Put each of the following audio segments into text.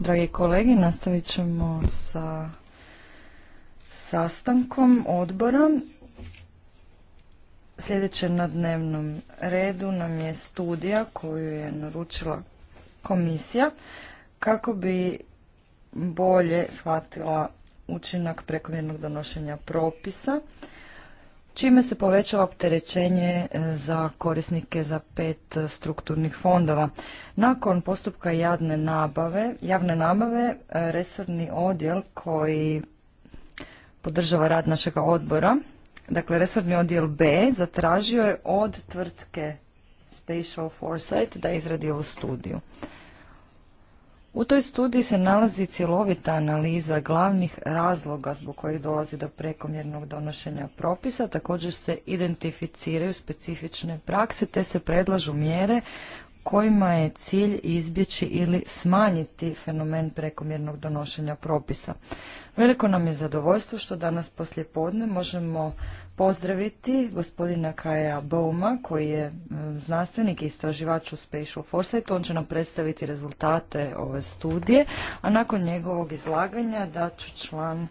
Dragi kolegi, nastavit ćemo sa sastankom odbora. Sljedeće na dnevnom redu nam je studija koju je naručila komisija kako bi bolje shvatila učinak prekomjernog donošenja propisa čime se povećava opterećenje e, za korisnike za pet strukturnih fondova. Nakon postupka javne nabave, javne nabave e, resorni odjel koji podržava rad našega odbora, dakle resorni odjel B, zatražio je od tvrtke Special Foresight da izradi ovu studiju. U toj studiji se nalazi cjelovita analiza glavnih razloga zbog kojih dolazi do prekomjernog donošenja propisa, također se identificiraju specifične prakse te se predlažu mjere kojima je cilj izbjeći ili smanjiti fenomen prekomjernog donošenja propisa. Veliko nam je zadovoljstvo što danas poslije podne možemo pozdraviti gospodina Kaja Bouma koji je e, znanstvenik i istraživač u Spatial Foresight. On će nam predstaviti rezultate ove studije, a nakon njegovog izlaganja daću član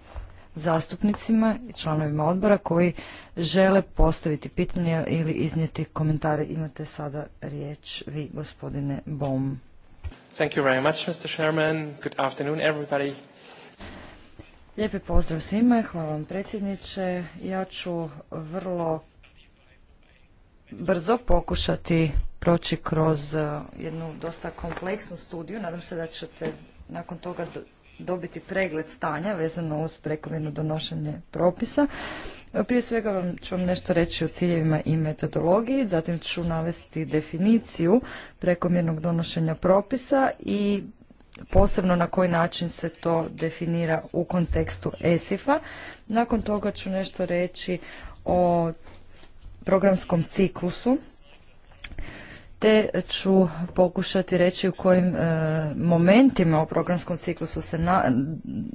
zastupnicima i članovima odbora koji žele postaviti pitanje ili iznijeti komentare. Imate sada riječ vi, gospodine Bom. Thank you very much, Mr. Chairman. Good afternoon, everybody. Lijepi pozdrav svima, hvala vam predsjedniče. Ja ću vrlo brzo pokušati proći kroz e, jednu dosta kompleksnu studiju. Nadam se da ćete nakon toga dobiti pregled stanja vezano uz prekomjerno donošenje propisa. E, prije svega vam ću vam nešto reći o ciljevima i metodologiji, zatim ću navesti definiciju prekomjernog donošenja propisa i posebno na koji način se to definira u kontekstu ESIF-a. Nakon toga ću nešto reći o programskom ciklusu te ću pokušati reći u kojim e, momentima u programskom ciklusu se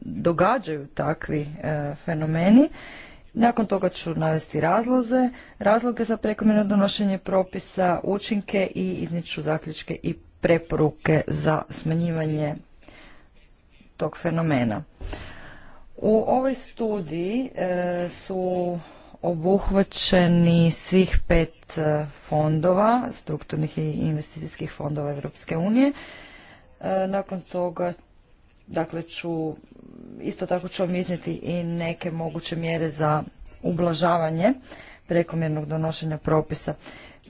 događaju takvi e, fenomeni. Nakon toga ću navesti razloze, razloge za prekomjerno donošenje propisa, učinke i izniču zaključke i preporuke za smanjivanje tog fenomena. U ovoj studiji e, su obuhvaćeni svih pet e, fondova, strukturnih i investicijskih fondova Europske unije. E, nakon toga dakle ću isto tako ću vam i neke moguće mjere za ublažavanje prekomjernog donošenja propisa.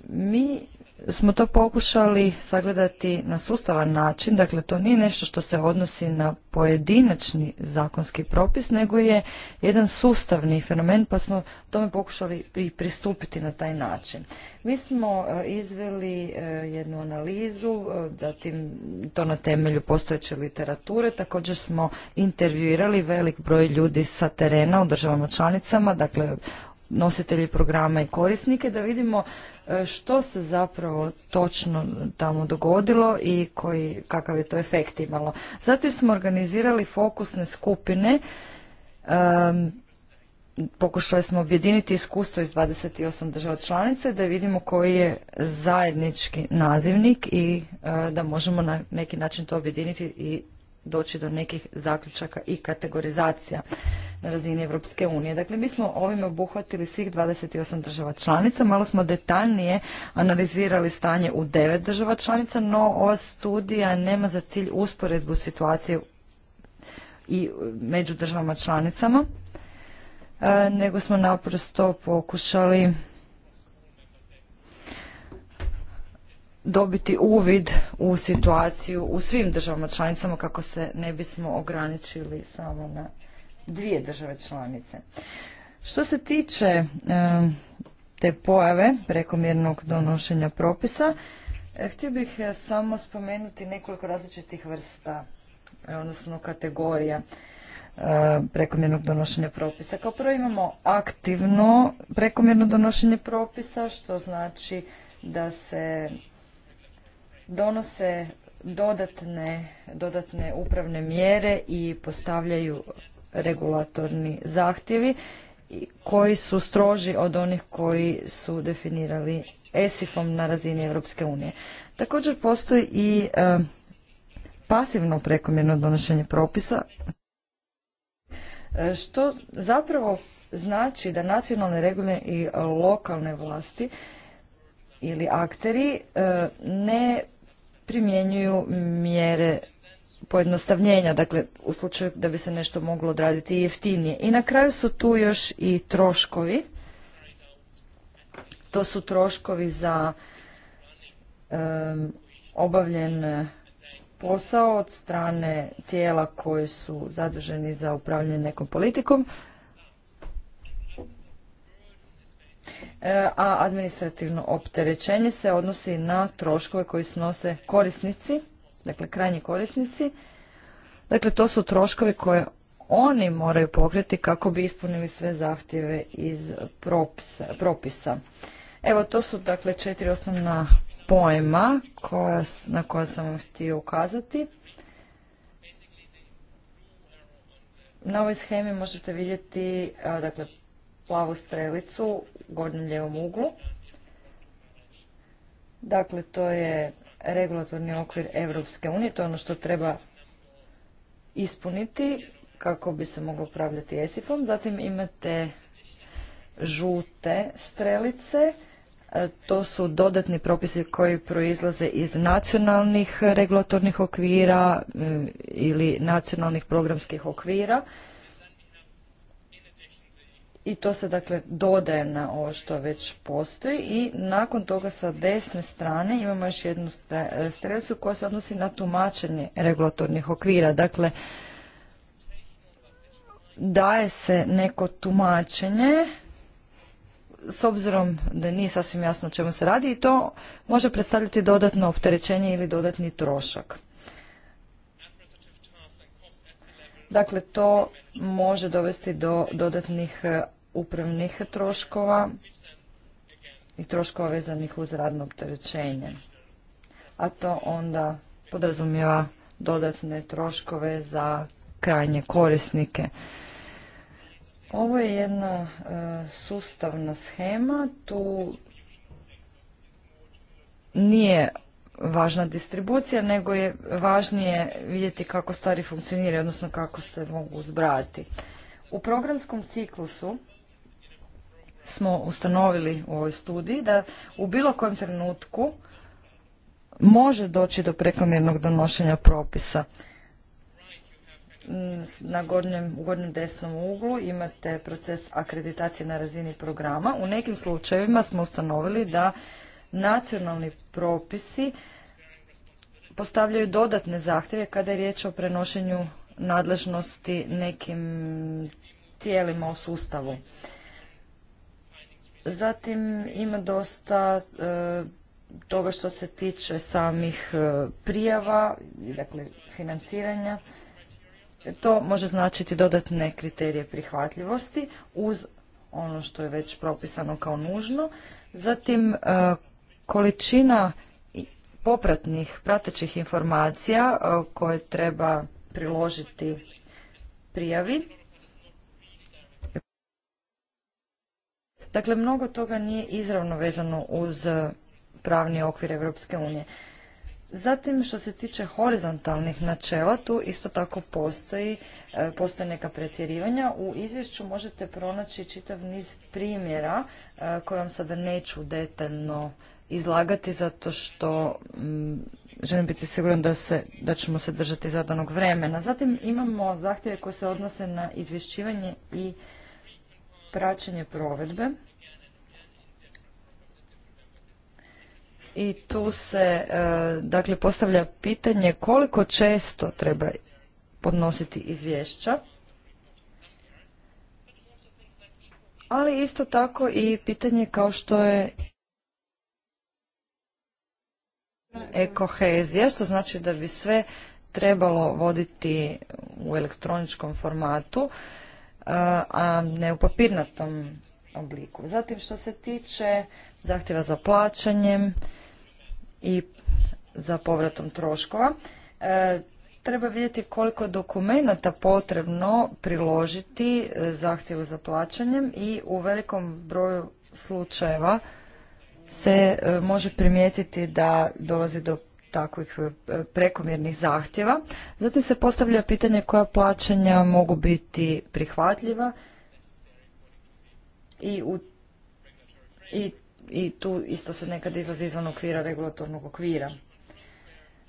Mi smo to pokušali sagledati na sustavan način, dakle to nije nešto što se odnosi na pojedinačni zakonski propis, nego je jedan sustavni fenomen pa smo tome pokušali i pristupiti na taj način. Mi smo e, izveli e, jednu analizu, e, zatim to na temelju postojeće literature, također smo intervjuirali velik broj ljudi sa terena u državama članicama, dakle nositelji programa i korisnike da vidimo što se zapravo točno tamo dogodilo i koji, kakav je to efekt imalo. Zatim smo organizirali fokusne skupine, pokušali smo objediniti iskustvo iz 28 država članice da vidimo koji je zajednički nazivnik i e, da možemo na neki način to objediniti i doći do nekih zaključaka i kategorizacija na razini Europske unije. Dakle, mi smo ovime obuhvatili svih 28 država članica. Malo smo detaljnije analizirali stanje u devet država članica, no ova studija nema za cilj usporedbu situacije i među državama članicama, e, nego smo naprosto pokušali dobiti uvid u situaciju u svim državama članicama kako se ne bismo ograničili samo na dvije države članice. Što se tiče e, te pojave prekomjernog donošenja propisa, e, htio bih e, samo spomenuti nekoliko različitih vrsta, odnosno kategorija prekomjernog donošenja propisa. Kao prvo imamo aktivno prekomjerno donošenje propisa, što znači da se donose dodatne, upravne mjere i postavljaju regulatorni zahtjevi koji su stroži od onih koji su definirali ESIF-om na razini Europske unije. Također postoji i e, pasivno prekomjerno donošenje propisa, e, što zapravo znači da nacionalne regulne i lokalne vlasti ili akteri e, ne primjenjuju mjere pojednostavljenja, dakle u slučaju da bi se nešto moglo odraditi jeftinije. I na kraju su tu još i troškovi. To su troškovi za um, obavljen posao od strane tijela koji su zaduženi za upravljanje nekom politikom. E, a administrativno opterećenje se odnosi na troškove koji snose korisnici dakle krajnji korisnici. Dakle, to su troškovi koje oni moraju pokriti kako bi ispunili sve zahtjeve iz propisa. Evo, to su dakle četiri osnovna pojma koja, na koja sam vam htio ukazati. Na ovoj schemi možete vidjeti dakle, plavu strelicu u gornjem ljevom uglu. Dakle, to je regulatorni okvir Europske unije, to je ono što treba ispuniti kako bi se moglo upravljati ESIF-om. Zatim imate žute strelice, e, to su dodatni propisi koji proizlaze iz nacionalnih regulatornih okvira e, ili nacionalnih programskih okvira i to se dakle dodaje na ovo što već postoji i nakon toga sa desne strane imamo još jednu strelicu koja se odnosi na tumačenje regulatornih okvira. Dakle, daje se neko tumačenje s obzirom da nije sasvim jasno o čemu se radi i to može predstavljati dodatno opterećenje ili dodatni trošak. Dakle, to može dovesti do dodatnih e, upravnih troškova i troškova vezanih uz radno opterećenje. A to onda podrazumijeva dodatne troškove za krajnje korisnike. Ovo je jedna e, sustavna schema, tu nije važna distribucija, nego je važnije vidjeti kako stvari funkcioniraju, odnosno kako se mogu uzbrati. U programskom ciklusu smo ustanovili u ovoj studiji da u bilo kojem trenutku može doći do prekomjernog donošenja propisa. Mm, na gornjem, u gornjem desnom uglu imate proces akreditacije na razini programa. U nekim slučajevima smo ustanovili da nacionalni propisi postavljaju dodatne zahtjeve kada je riječ o prenošenju nadležnosti nekim tijelima u sustavu. Zatim ima dosta e, toga što se tiče samih e, prijava, dakle financiranja. To može značiti dodatne kriterije prihvatljivosti uz ono što je već propisano kao nužno. Zatim e, količina popratnih, pratećih informacija e, koje treba priložiti prijavi. Dakle, mnogo toga nije izravno vezano uz pravni okvir Europske unije. Zatim, što se tiče horizontalnih načela, tu isto tako postoji, e, postoje neka pretjerivanja. U izvješću možete pronaći čitav niz primjera e, koje vam sada neću detaljno izlagati zato što mm, želim biti siguran da, se, da ćemo se držati zadanog vremena. Zatim imamo zahtjeve koje se odnose na izvješćivanje i praćenje provedbe. I tu se e, dakle postavlja pitanje koliko često treba podnositi izvješća. Ali isto tako i pitanje kao što je ekohezija, što znači da bi sve trebalo voditi u elektroničkom formatu, e, a ne u papirnatom obliku. Zatim što se tiče zahtjeva za plaćanjem i za povratom troškova, e, treba vidjeti koliko dokumenata potrebno priložiti e, zahtjevu za plaćanjem i u velikom broju slučajeva se e, može primijetiti da dolazi do takvih e, prekomjernih zahtjeva. Zatim se postavlja pitanje koja plaćanja mogu biti prihvatljiva i, i, i tu isto se nekad izlazi izvan okvira regulatornog okvira.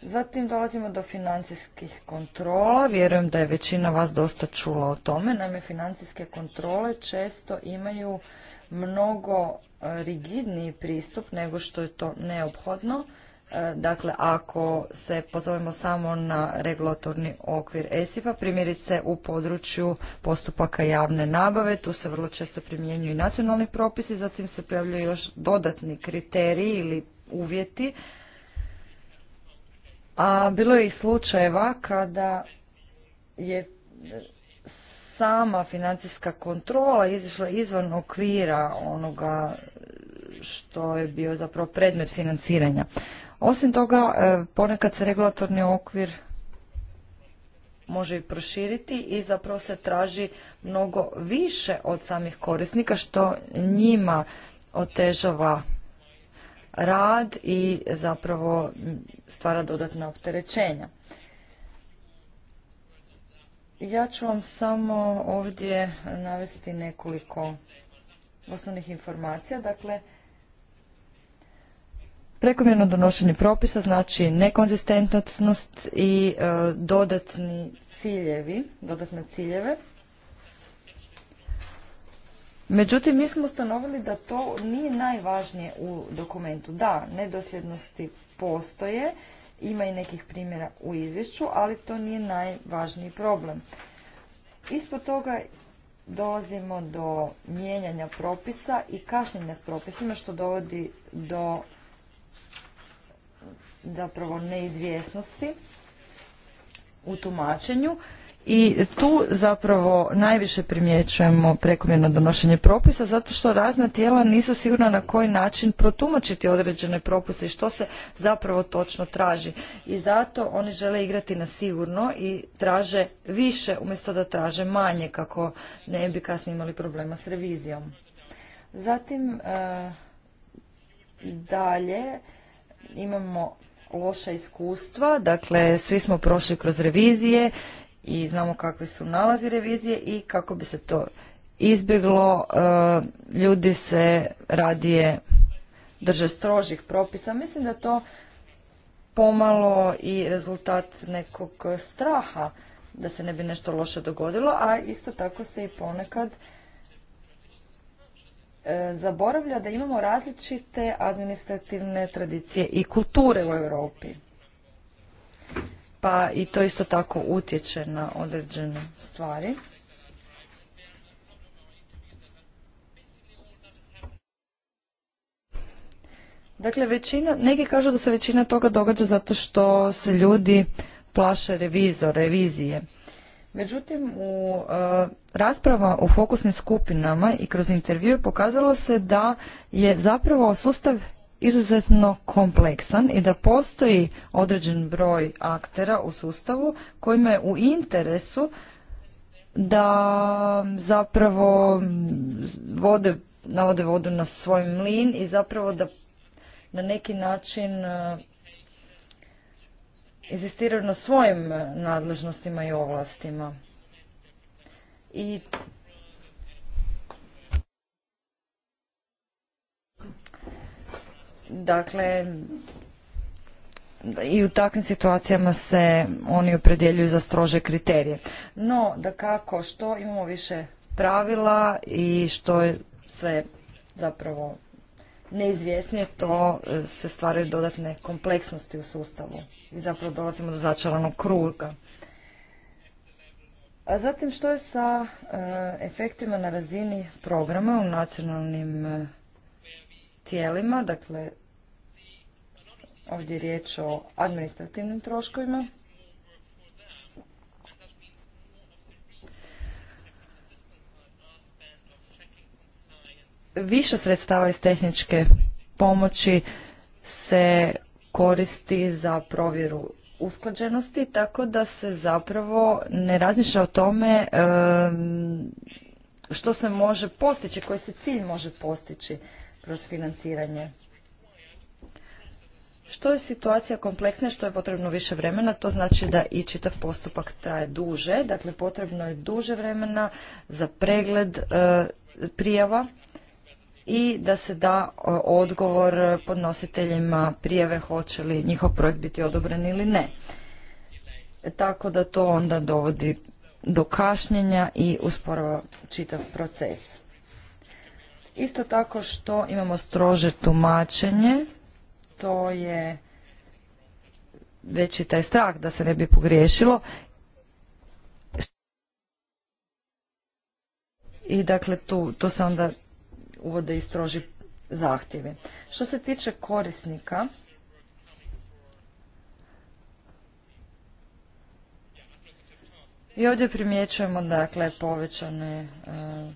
Zatim dolazimo do financijskih kontrola. Vjerujem da je većina vas dosta čula o tome. Naime, financijske kontrole često imaju mnogo rigidniji pristup nego što je to neophodno. E, dakle, ako se pozovemo samo na regulatorni okvir ESIF-a, primjerice u području postupaka javne nabave, tu se vrlo često primjenjuju i nacionalni propisi, zatim se pojavljuju još dodatni kriteriji ili uvjeti. A bilo je i slučajeva kada je sama financijska kontrola izišla izvan okvira onoga što je bio zapravo predmet financiranja. Osim toga, e, ponekad se regulatorni okvir može i proširiti i zapravo se traži mnogo više od samih korisnika što njima otežava rad i zapravo stvara dodatna opterećenja. Ja ću vam samo ovdje navesti nekoliko osnovnih informacija. Dakle, prekomjerno donošenje propisa znači nekonzistentnost i e, dodatni ciljevi, dodatne ciljeve. Međutim, mi smo ustanovili da to nije najvažnije u dokumentu. Da, nedosljednosti postoje, ima i nekih primjera u izvješću, ali to nije najvažniji problem. Ispod toga dolazimo do mijenjanja propisa i kašnjenja s propisima, što dovodi do zapravo neizvjesnosti u tumačenju i tu zapravo najviše primjećujemo prekomjerno donošenje propisa zato što razna tijela nisu sigurna na koji način protumačiti određene propise i što se zapravo točno traži. I zato oni žele igrati na sigurno i traže više umjesto da traže manje kako ne bi kasnije imali problema s revizijom. Zatim e, dalje imamo loša iskustva, dakle svi smo prošli kroz revizije i znamo kakvi su nalazi revizije i kako bi se to izbjeglo, e, ljudi se radije drže strožih propisa. Mislim da to pomalo i rezultat nekog straha da se ne bi nešto loše dogodilo, a isto tako se i ponekad e, zaboravlja da imamo različite administrativne tradicije i kulture u Europi pa i to isto tako utječe na određene stvari. Dakle, većina, neki kažu da se većina toga događa zato što se ljudi plaše revizor, revizije. Međutim, u e, rasprava u fokusnim skupinama i kroz intervju pokazalo se da je zapravo sustav izuzetno kompleksan i da postoji određen broj aktera u sustavu kojima je u interesu da zapravo vode, navode vodu na svoj mlin i zapravo da na neki način e, inzistiraju na svojim nadležnostima i ovlastima. I Dakle, i u takvim situacijama se oni opredjeljuju za strože kriterije. No, da kako, što imamo više pravila i što je sve zapravo neizvjesnije, to e, se stvaraju dodatne kompleksnosti u sustavu i zapravo dolazimo do začaranog kruga. A zatim što je sa e, efektima na razini programa u nacionalnim e, tijelima, dakle ovdje je riječ o administrativnim troškovima. Više sredstava iz tehničke pomoći se koristi za provjeru usklađenosti, tako da se zapravo ne razmišlja o tome što se može postići, koji se cilj može postići kroz financiranje. Što je situacija kompleksna, što je potrebno više vremena, to znači da i čitav postupak traje duže, dakle potrebno je duže vremena za pregled e, prijava i da se da e, odgovor podnositeljima prijave hoće li njihov projekt biti odobren ili ne. Tako da to onda dovodi do kašnjenja i usporava čitav proces. Isto tako što imamo strože tumačenje, to je veći taj strah da se ne bi pogriješilo. I dakle, tu, to se onda uvode i stroži zahtjevi. Što se tiče korisnika, i ovdje primjećujemo dakle povećane e,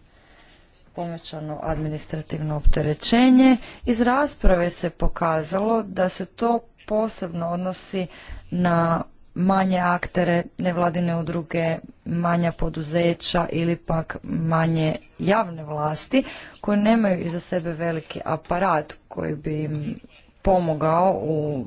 povećano administrativno opterećenje. Iz rasprave se pokazalo da se to posebno odnosi na manje aktere, nevladine udruge, manja poduzeća ili pak manje javne vlasti koje nemaju iza sebe veliki aparat koji bi im pomogao u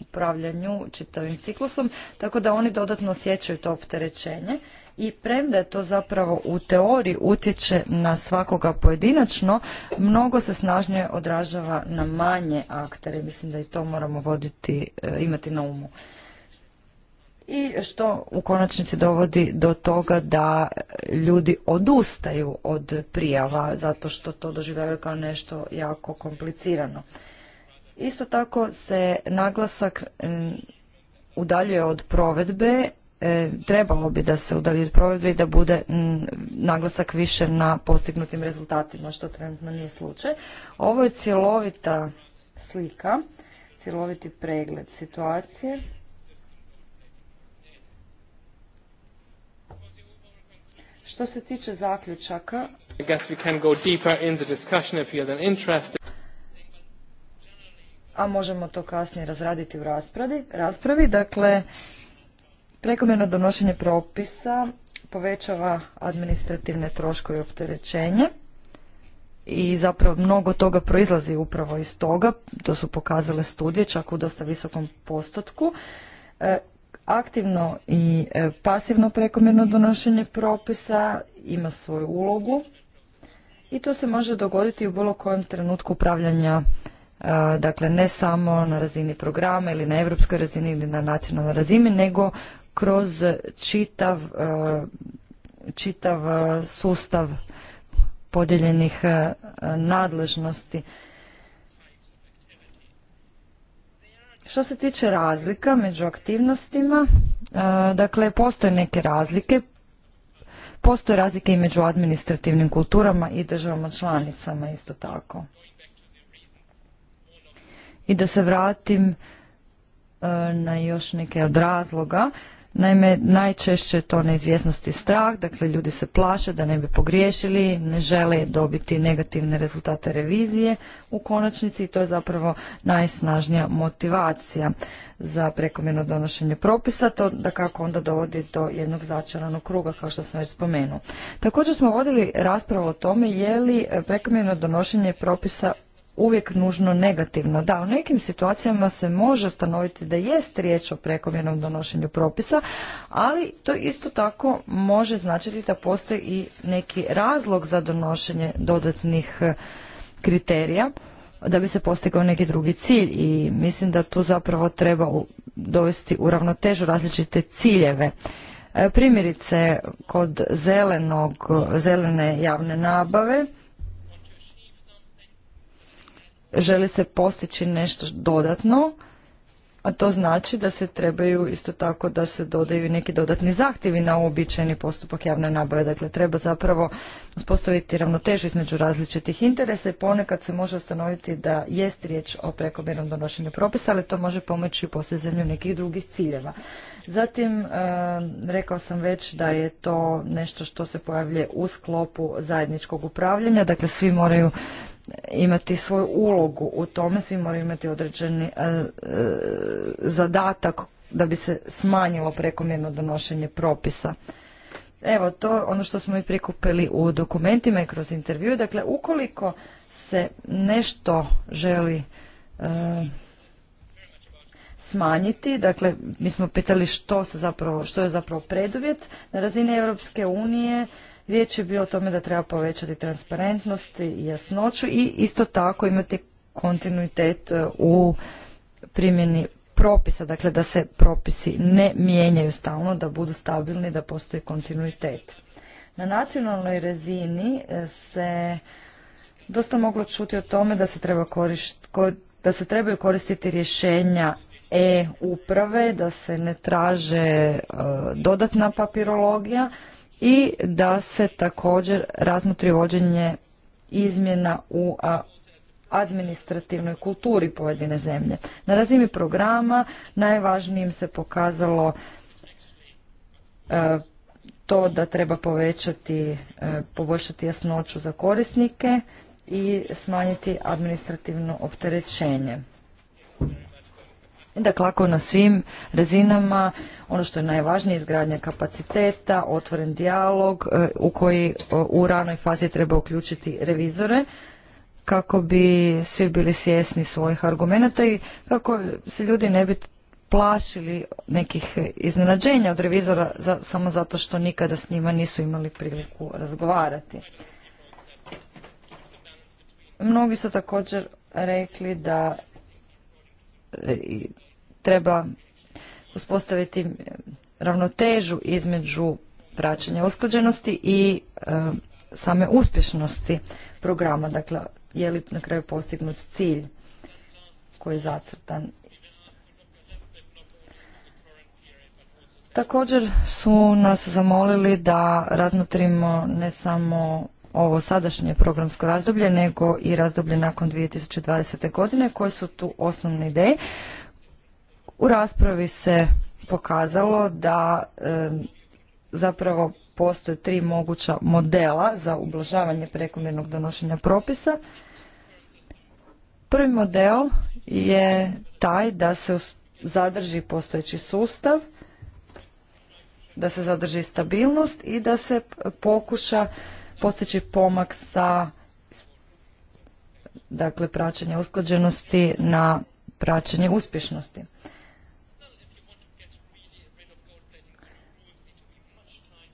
upravljanju čitavim ciklusom, tako da oni dodatno osjećaju to opterećenje i premda je to zapravo u teoriji utječe na svakoga pojedinačno, mnogo se snažnije odražava na manje aktere. Mislim da i to moramo voditi, e, imati na umu. I što u konačnici dovodi do toga da ljudi odustaju od prijava zato što to doživljavaju kao nešto jako komplicirano. Isto tako se naglasak udaljuje od provedbe E, trebalo bi da se udalji od i da bude naglasak više na postignutim rezultatima, što trenutno nije slučaj. Ovo je cjelovita slika, cjeloviti pregled situacije. Što se tiče zaključaka, a možemo to kasnije razraditi u raspravi. Raspravi, dakle, Prekomjerno donošenje propisa povećava administrativne troškove i opterećenje i zapravo mnogo toga proizlazi upravo iz toga, to su pokazale studije čak u dosta visokom postotku. E, aktivno i e, pasivno prekomjerno donošenje propisa ima svoju ulogu i to se može dogoditi u bilo kojem trenutku upravljanja e, dakle ne samo na razini programa ili na europskoj razini ili na nacionalnoj razini nego kroz čitav, e, čitav e, sustav podijeljenih e, nadležnosti. Što se tiče razlika među aktivnostima, dakle postoje neke razlike. Postoje razlike i među administrativnim kulturama i državama članicama isto tako. I da se vratim na još neke od razloga. Naime, najčešće je to neizvjesnost i strah, dakle ljudi se plaše da ne bi pogriješili, ne žele dobiti negativne rezultate revizije u konačnici i to je zapravo najsnažnija motivacija za prekomjerno donošenje propisa, to da kako onda dovodi do jednog začaranog kruga kao što sam već spomenuo. Također smo vodili raspravu o tome je li prekomjerno donošenje propisa uvijek nužno negativno. Da, u nekim situacijama se može ustanoviti da jest riječ o prekomjernom donošenju propisa, ali to isto tako može značiti da postoji i neki razlog za donošenje dodatnih eh, kriterija da bi se postigao neki drugi cilj i mislim da tu zapravo treba dovesti u ravnotežu različite ciljeve. Eh, primjerice, kod zelenog, eh, zelene javne nabave želi se postići nešto dodatno, a to znači da se trebaju isto tako da se dodaju neki dodatni zahtjevi na uobičajeni postupak javne nabave. Dakle, treba zapravo uspostaviti ravnotežu između različitih interesa i ponekad se može ustanoviti da jest riječ o prekomjernom donošenju propisa, ali to može pomoći u postizanju nekih drugih ciljeva. Zatim, e, rekao sam već da je to nešto što se pojavljuje u sklopu zajedničkog upravljanja, dakle svi moraju imati svoju ulogu u tome, svi moraju imati određeni e, e, zadatak da bi se smanjilo prekomjerno donošenje propisa. Evo, to je ono što smo i prikupili u dokumentima i kroz intervju. Dakle, ukoliko se nešto želi e, smanjiti, dakle, mi smo pitali što, se zapravo, što je zapravo preduvjet na razini Europske unije, Riječ je bio o tome da treba povećati transparentnost i jasnoću i isto tako imati kontinuitet e, u primjeni propisa, dakle da se propisi ne mijenjaju stalno, da budu stabilni, da postoji kontinuitet. Na nacionalnoj razini e, se dosta moglo čuti o tome da se, treba korišt, da se trebaju koristiti rješenja e-uprave, da se ne traže e, dodatna papirologija, i da se također razmotri vođenje izmjena u administrativnoj kulturi pojedine zemlje. Na razini programa najvažnijim se pokazalo e, to da treba povećati, e, poboljšati jasnoću za korisnike i smanjiti administrativno opterećenje. Dakle, ako na svim razinama, ono što je najvažnije, izgradnja kapaciteta, otvoren dijalog e, u koji e, u ranoj fazi treba uključiti revizore kako bi svi bili svjesni svojih argumenata i kako se ljudi ne bi plašili nekih iznenađenja od revizora samo zato što nikada s njima nisu imali priliku razgovarati. Mnogi su također rekli da e, treba uspostaviti eh, ravnotežu između praćenja usklađenosti i eh, same uspješnosti programa, dakle je li na kraju postignut cilj koji je zacrtan. Također su nas zamolili da razmotrimo ne samo ovo sadašnje programsko razdoblje, nego i razdoblje nakon 2020. godine, koje su tu osnovne ideje. U raspravi se pokazalo da zapravo postoje tri moguća modela za ublažavanje prekomjernog donošenja propisa. Prvi model je taj da se zadrži postojeći sustav, da se zadrži stabilnost i da se pokuša postići pomak sa dakle praćenja usklađenosti na praćenje uspješnosti.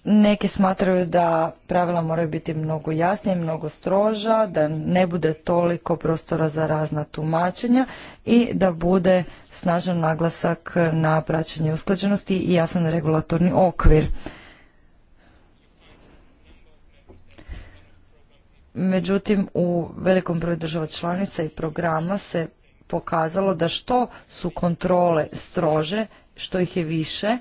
Neki smatraju da pravila moraju biti mnogo jasnije, mnogo stroža, da ne bude toliko prostora za razna tumačenja i da bude snažan naglasak na praćenje usklađenosti i jasan regulatorni okvir. Međutim, u velikom broju država članica i programa se pokazalo da što su kontrole strože, što ih je više,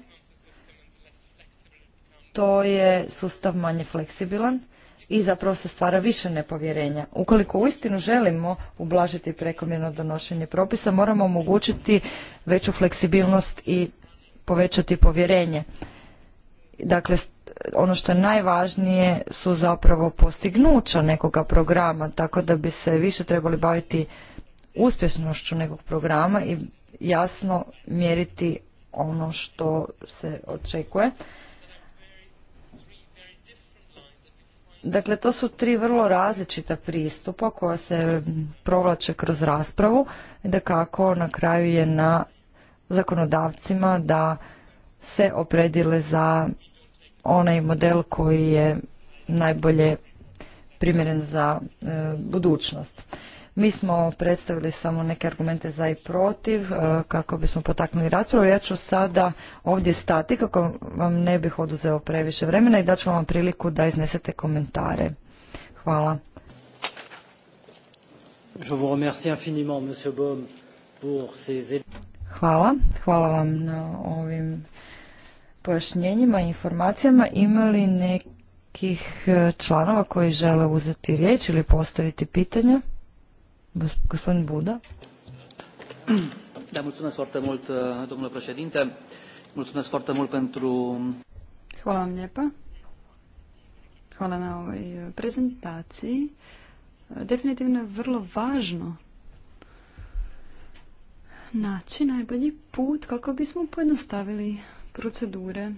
to je sustav manje fleksibilan i zapravo se stvara više nepovjerenja. Ukoliko uistinu želimo ublažiti prekomjerno donošenje propisa, moramo omogućiti veću fleksibilnost i povećati povjerenje. Dakle, ono što je najvažnije su zapravo postignuća nekoga programa, tako da bi se više trebali baviti uspješnošću nekog programa i jasno mjeriti ono što se očekuje. Dakle, to su tri vrlo različita pristupa koja se provlače kroz raspravu i da kako na kraju je na zakonodavcima da se opredile za onaj model koji je najbolje primjeren za e, budućnost. Mi smo predstavili samo neke argumente za i protiv e, kako bismo potaknuli raspravu. Ja ću sada ovdje stati kako vam ne bih oduzeo previše vremena i daću vam priliku da iznesete komentare. Hvala. Hvala. Hvala vam na ovim pojašnjenjima i informacijama. Ima li nekih e, članova koji žele uzeti riječ ili postaviti pitanja? Gospodin Buda. Da, mulțumesc foarte mult, domnule președinte. Mulțumesc foarte mult pentru... Hvala vam lijepa. Hvala na ovoj eh, prezentaciji. Definitivno je vrlo važno naći najbolji put kako bismo pojednostavili procedure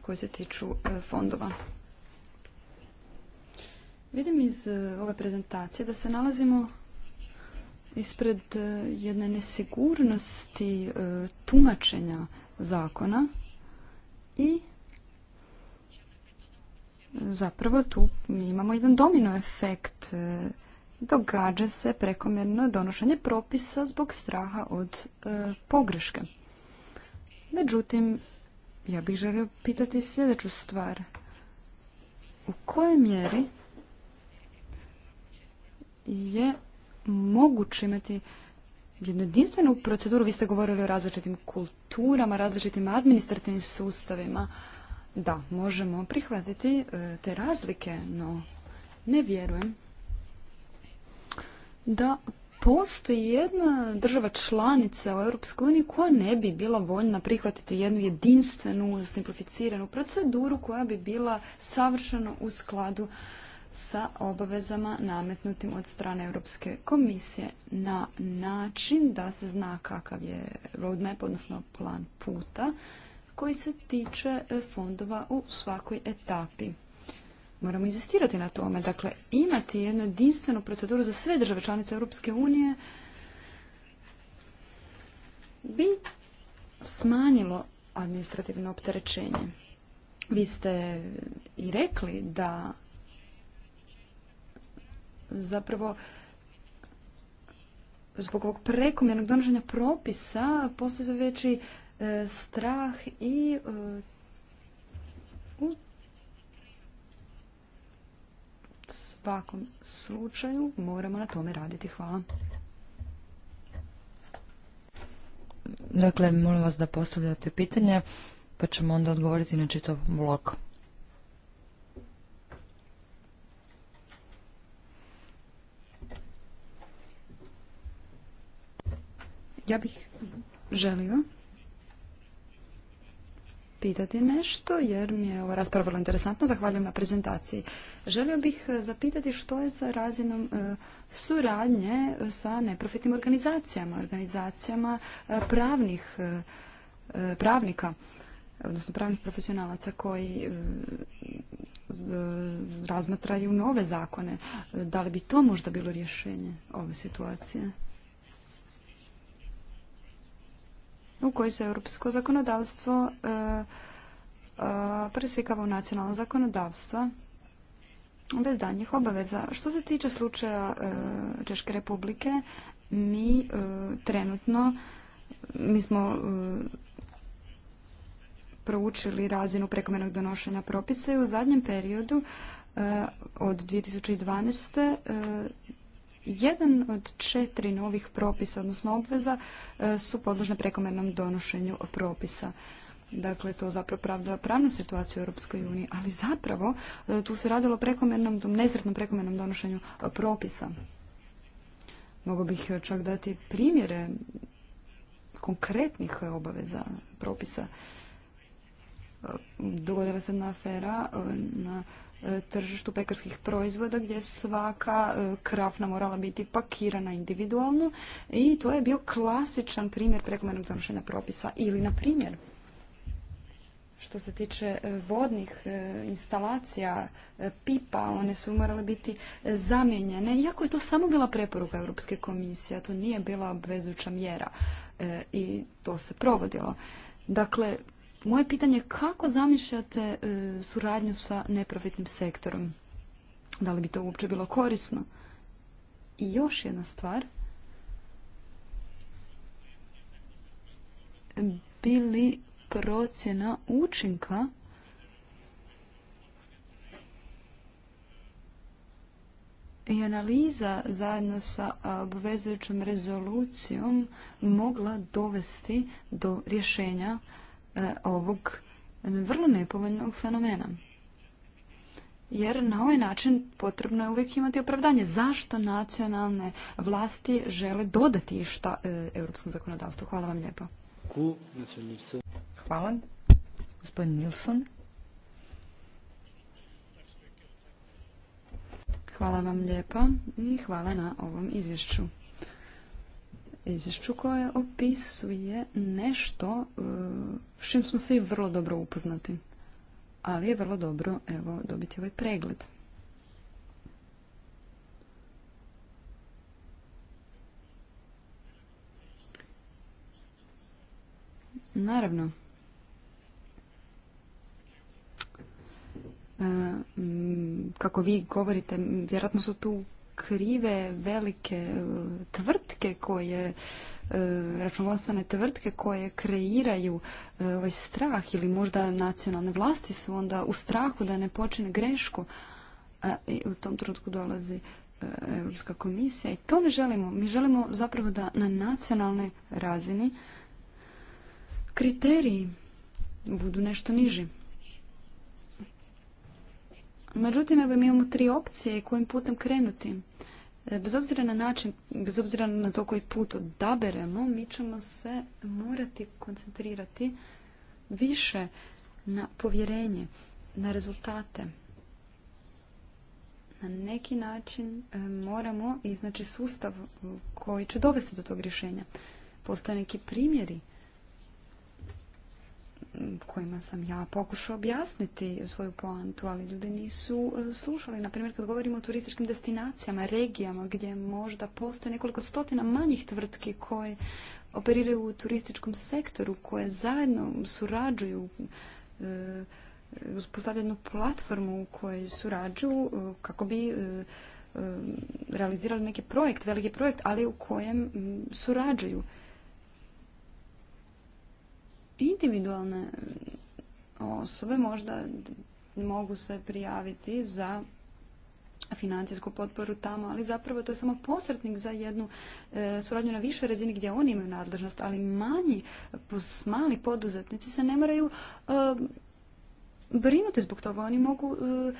koje se tiču eh, fondova. Vidim iz e, ove prezentacije da se nalazimo ispred e, jedne nesigurnosti e, tumačenja zakona i zapravo tu mi imamo jedan domino efekt. Događa se prekomjerno donošenje propisa zbog straha od pogreške. Međutim, ja bih želio pitati sljedeću stvar. U kojoj mjeri je moguće imati jednu jedinstvenu proceduru. Vi ste govorili o različitim kulturama, različitim administrativnim sustavima. Da, možemo prihvatiti e, te razlike, no ne vjerujem da postoji jedna država članica u EU koja ne bi bila voljna prihvatiti jednu jedinstvenu, simplificiranu proceduru koja bi bila savršeno u skladu sa obavezama nametnutim od strane Europske komisije na način da se zna kakav je roadmap, odnosno plan puta koji se tiče e, fondova u svakoj etapi. Moramo insistirati na tome. Dakle, imati jednu jedinstvenu proceduru za sve države članice Europske unije bi smanjilo administrativno opterećenje. Vi ste i rekli da zapravo zbog ovog prekomjernog donošenja propisa postoji za veći e, strah i e, u svakom slučaju moramo na tome raditi. Hvala. Dakle, molim vas da postavljate pitanja, pa ćemo onda odgovoriti na čitav blok. Ja bih želio pitati nešto jer mi je ova rasprava vrlo interesantna. Zahvaljujem na prezentaciji. Želio bih e, zapitati što je sa razinom e, suradnje sa neprofitnim organizacijama, organizacijama e, pravnih pravnika, odnosno pravnih profesionalaca koji razmatraju nove zakone. Da li bi to možda bilo rješenje ove situacije? u kojoj se europsko zakonodavstvo e, e, presikava u nacionalno zakonodavstva bez danjih obaveza. Što se tiče slučaja e, Češke republike, mi trenutno, mi smo proučili razinu prekomenog donošenja propisa i u zadnjem periodu od 2012. Jedan od četiri novih propisa, odnosno obveza, e, su podložne prekomernom donošenju propisa. Dakle, to zapravo pravda pravnu situaciju u Europskoj uniji, ali zapravo e, tu se radilo o prekomernom, nezretnom prekomernom donošenju e, propisa. Mogu bih čak dati primjere konkretnih obaveza propisa. Dogodila se jedna afera na E, tržištu pekarskih proizvoda gdje svaka e, krafna morala biti pakirana individualno i to je bio klasičan primjer prekomernog donošenja propisa ili na primjer što se tiče e, vodnih instalacija, pipa, one su morale biti zamijenjene. Iako je to samo bila preporuka Europske komisije, to nije bila obvezujuća mjera i to se provodilo. Dakle, moje pitanje je kako zamišljate e, suradnju sa neprofitnim sektorom? Da li bi to uopće bilo korisno? I još jedna stvar. Bili procjena učinka i analiza zajedno sa obvezujućom rezolucijom mogla dovesti do rješenja E, ovog vrlo nepovoljnog fenomena. Jer na ovaj način potrebno je uvijek imati opravdanje zašto nacionalne vlasti žele dodati šta e, europskom zakonodavstvu. Hvala vam lijepo. Hvala. Gospodin Nilsson. Hvala vam lijepa i hvala na ovom izvješću izvješću koje opisuje nešto e, s čim smo svi vrlo dobro upoznati. Ali je vrlo dobro evo, dobiti ovaj pregled. Naravno. E, kako vi govorite, vjerojatno su tu krive velike e, tvrtke koje e, računovodstvene tvrtke koje kreiraju e, ovaj strah ili možda nacionalne vlasti su onda u strahu da ne počine grešku i u tom trenutku dolazi Europska komisija i to ne želimo. Mi želimo zapravo da na nacionalnoj razini kriteriji budu nešto niži. Međutim, evo mi imamo tri opcije i kojim putem krenuti. E, bez obzira na način, bez obzira na to koji put odaberemo, mi ćemo se morati koncentrirati više na povjerenje, na rezultate. Na neki način e, moramo iznaći sustav koji će dovesti do tog rješenja. Postoje neki primjeri kojima sam ja pokušao objasniti svoju poantu, ali ljudi nisu e, slušali. Naprimjer, kad govorimo o turističkim destinacijama, regijama gdje možda postoje nekoliko stotina manjih tvrtki koje operiraju u turističkom sektoru, koje zajedno surađuju e, uz platformu u kojoj surađuju e, kako bi realizirali neki projekt, veliki projekt, ali u kojem surađuju individualne osobe možda mogu se prijaviti za financijsku potporu tamo, ali zapravo to je samo posretnik za jednu e, suradnju na višoj razini gdje oni imaju nadležnost, ali manji, mali poduzetnici se ne moraju e, brinuti zbog toga. Oni mogu e,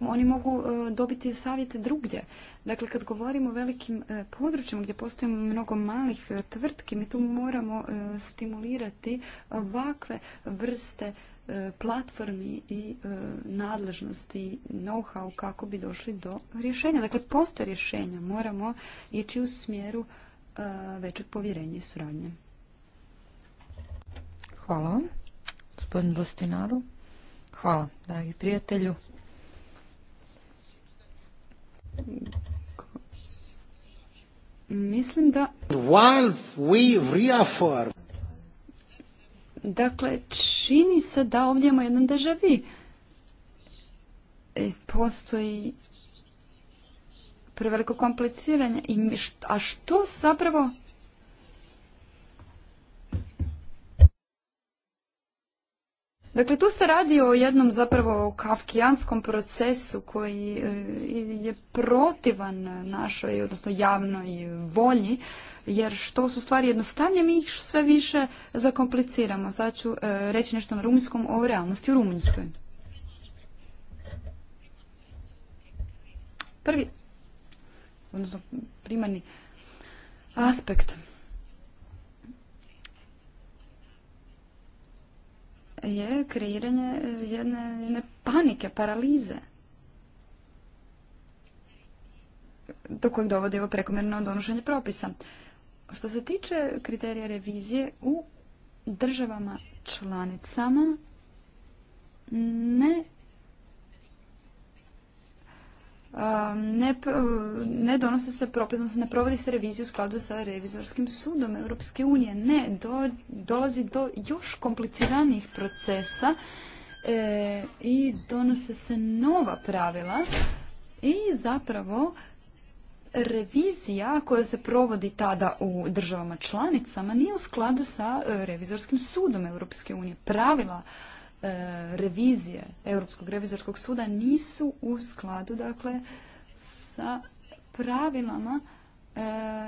oni mogu e, dobiti savjete drugdje. Dakle, kad govorimo o velikim e, područjima gdje postoji mnogo malih e, tvrtki, mi tu moramo stimulirati ovakve vrste platformi i nadležnosti, know-how kako bi došli do rješenja. Dakle, postoje rješenja, moramo ići u smjeru većeg povjerenja i suradnje. Hvala vam, Bostinaru. Hvala, dragi prijatelju. Mislim da... Dakle, čini se da ovdje imamo jedan državi. E, postoji preveliko kompliciranje. I, a što zapravo Dakle, tu se radi o jednom zapravo kafkijanskom procesu koji e, je protivan našoj, odnosno javnoj volji, jer što su stvari jednostavnije, mi ih sve više zakompliciramo. Sad ću e, reći nešto na rumunjskom o realnosti u Rumunjskoj. Prvi, odnosno primarni aspekt je kreiranje e, jedne, jedne panike, paralize do kojeg dovodi ovo prekomjerno donošenje propisa. Što se tiče kriterija revizije u državama članicama ne ne, ne donose se propis, ne provodi se revizija u skladu sa revizorskim sudom Europske unije. Ne, dolazi do još kompliciranijih procesa e, i donose se nova pravila i zapravo revizija koja se provodi tada u državama članicama nije u skladu sa e, revizorskim sudom Europske unije. Pravila E, revizije Europskog revizorskog suda nisu u skladu dakle sa pravilama e,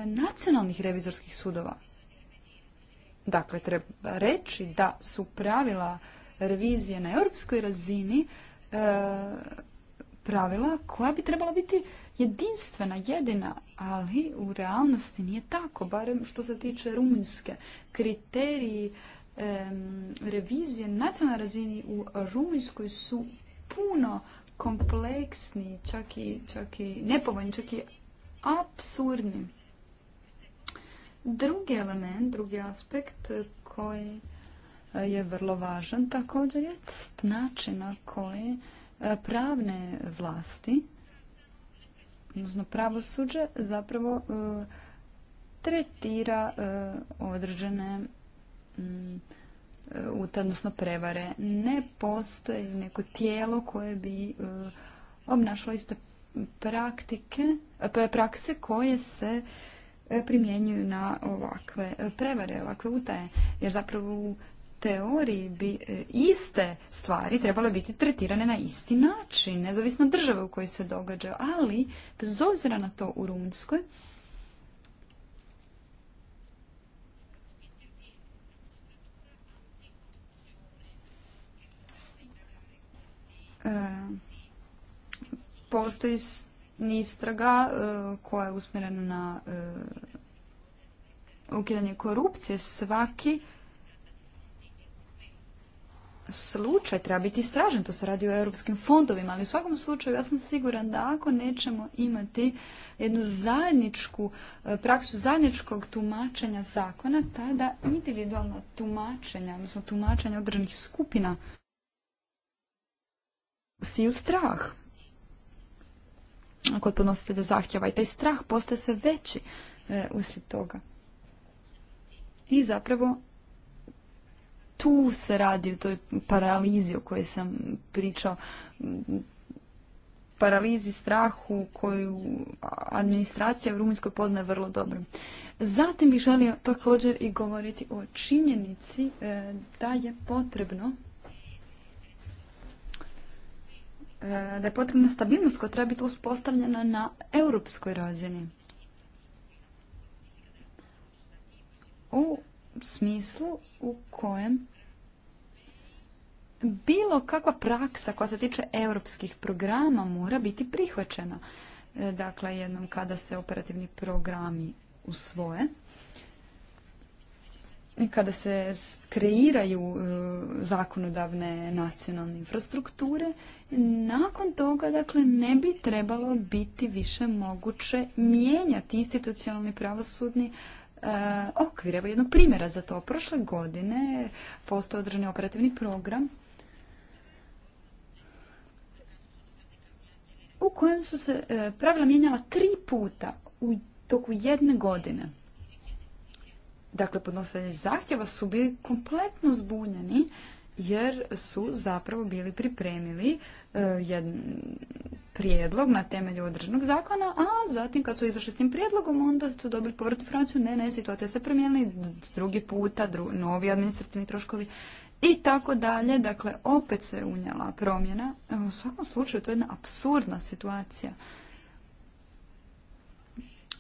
nacionalnih revizorskih sudova. Dakle, treba reći da su pravila revizije na europskoj razini e, pravila koja bi trebala biti jedinstvena, jedina, ali u realnosti nije tako, barem što se tiče Rumunjske. Kriteriji revizije na nacionalnoj razini u Rumunjskoj su puno kompleksni, čak i, čak i nepovoljni, čak i absurdni. Drugi element, drugi aspekt koji e, je vrlo važan također je način na koji e, pravne vlasti, odnosno pravosuđe, zapravo e, tretira određene Mm, e, odnosno prevare. Ne postoji neko tijelo koje bi e, obnašalo iste praktike, e, prakse koje se primjenjuju na ovakve prevare, ovakve utaje. Jer zapravo u teoriji bi iste stvari trebale biti tretirane na isti način, nezavisno države u kojoj se događa. Ali, bez obzira na to u Rumunjskoj, E, postoji istraga e, koja je usmjerena na e, ukidanje korupcije. Svaki slučaj treba biti istražen, to se radi o europskim fondovima, ali u svakom slučaju ja sam siguran da ako nećemo imati jednu zajedničku praksu zajedničkog tumačenja zakona, tada individualna tumačenja, odnosno tumačenja određenih skupina siju strah kod podnositelja zahtjeva i taj strah postaje sve veći e, uslijed toga. I zapravo tu se radi u toj paralizi o kojoj sam pričao paralizi strahu koju administracija u Rumunjskoj poznaje vrlo dobro. Zatim bih želio također i govoriti o činjenici e, da je potrebno E, da je potrebna stabilnost koja treba biti uspostavljena na europskoj razini. U smislu u kojem bilo kakva praksa koja se tiče europskih programa mora biti prihvaćena. E, dakle, jednom kada se operativni programi usvoje, kada se kreiraju e, zakonodavne nacionalne infrastrukture, nakon toga dakle ne bi trebalo biti više moguće mijenjati institucionalni pravosudni e, okvir. Evo jednog primjera za to. Prošle godine postao održani operativni program u kojem su se e, pravila mijenjala tri puta u toku jedne godine. Dakle, podnositelji zahtjeva su bili kompletno zbunjeni jer su zapravo bili pripremili e, jedan prijedlog na temelju određenog zakona, a zatim kad su izašli s tim prijedlogom, onda su dobili povrat u Franciju, ne, ne, situacija se promijenila drugi puta, novi administrativni troškovi i tako dalje. Dakle, opet se unijela promjena. E, u svakom slučaju, to je jedna apsurdna situacija.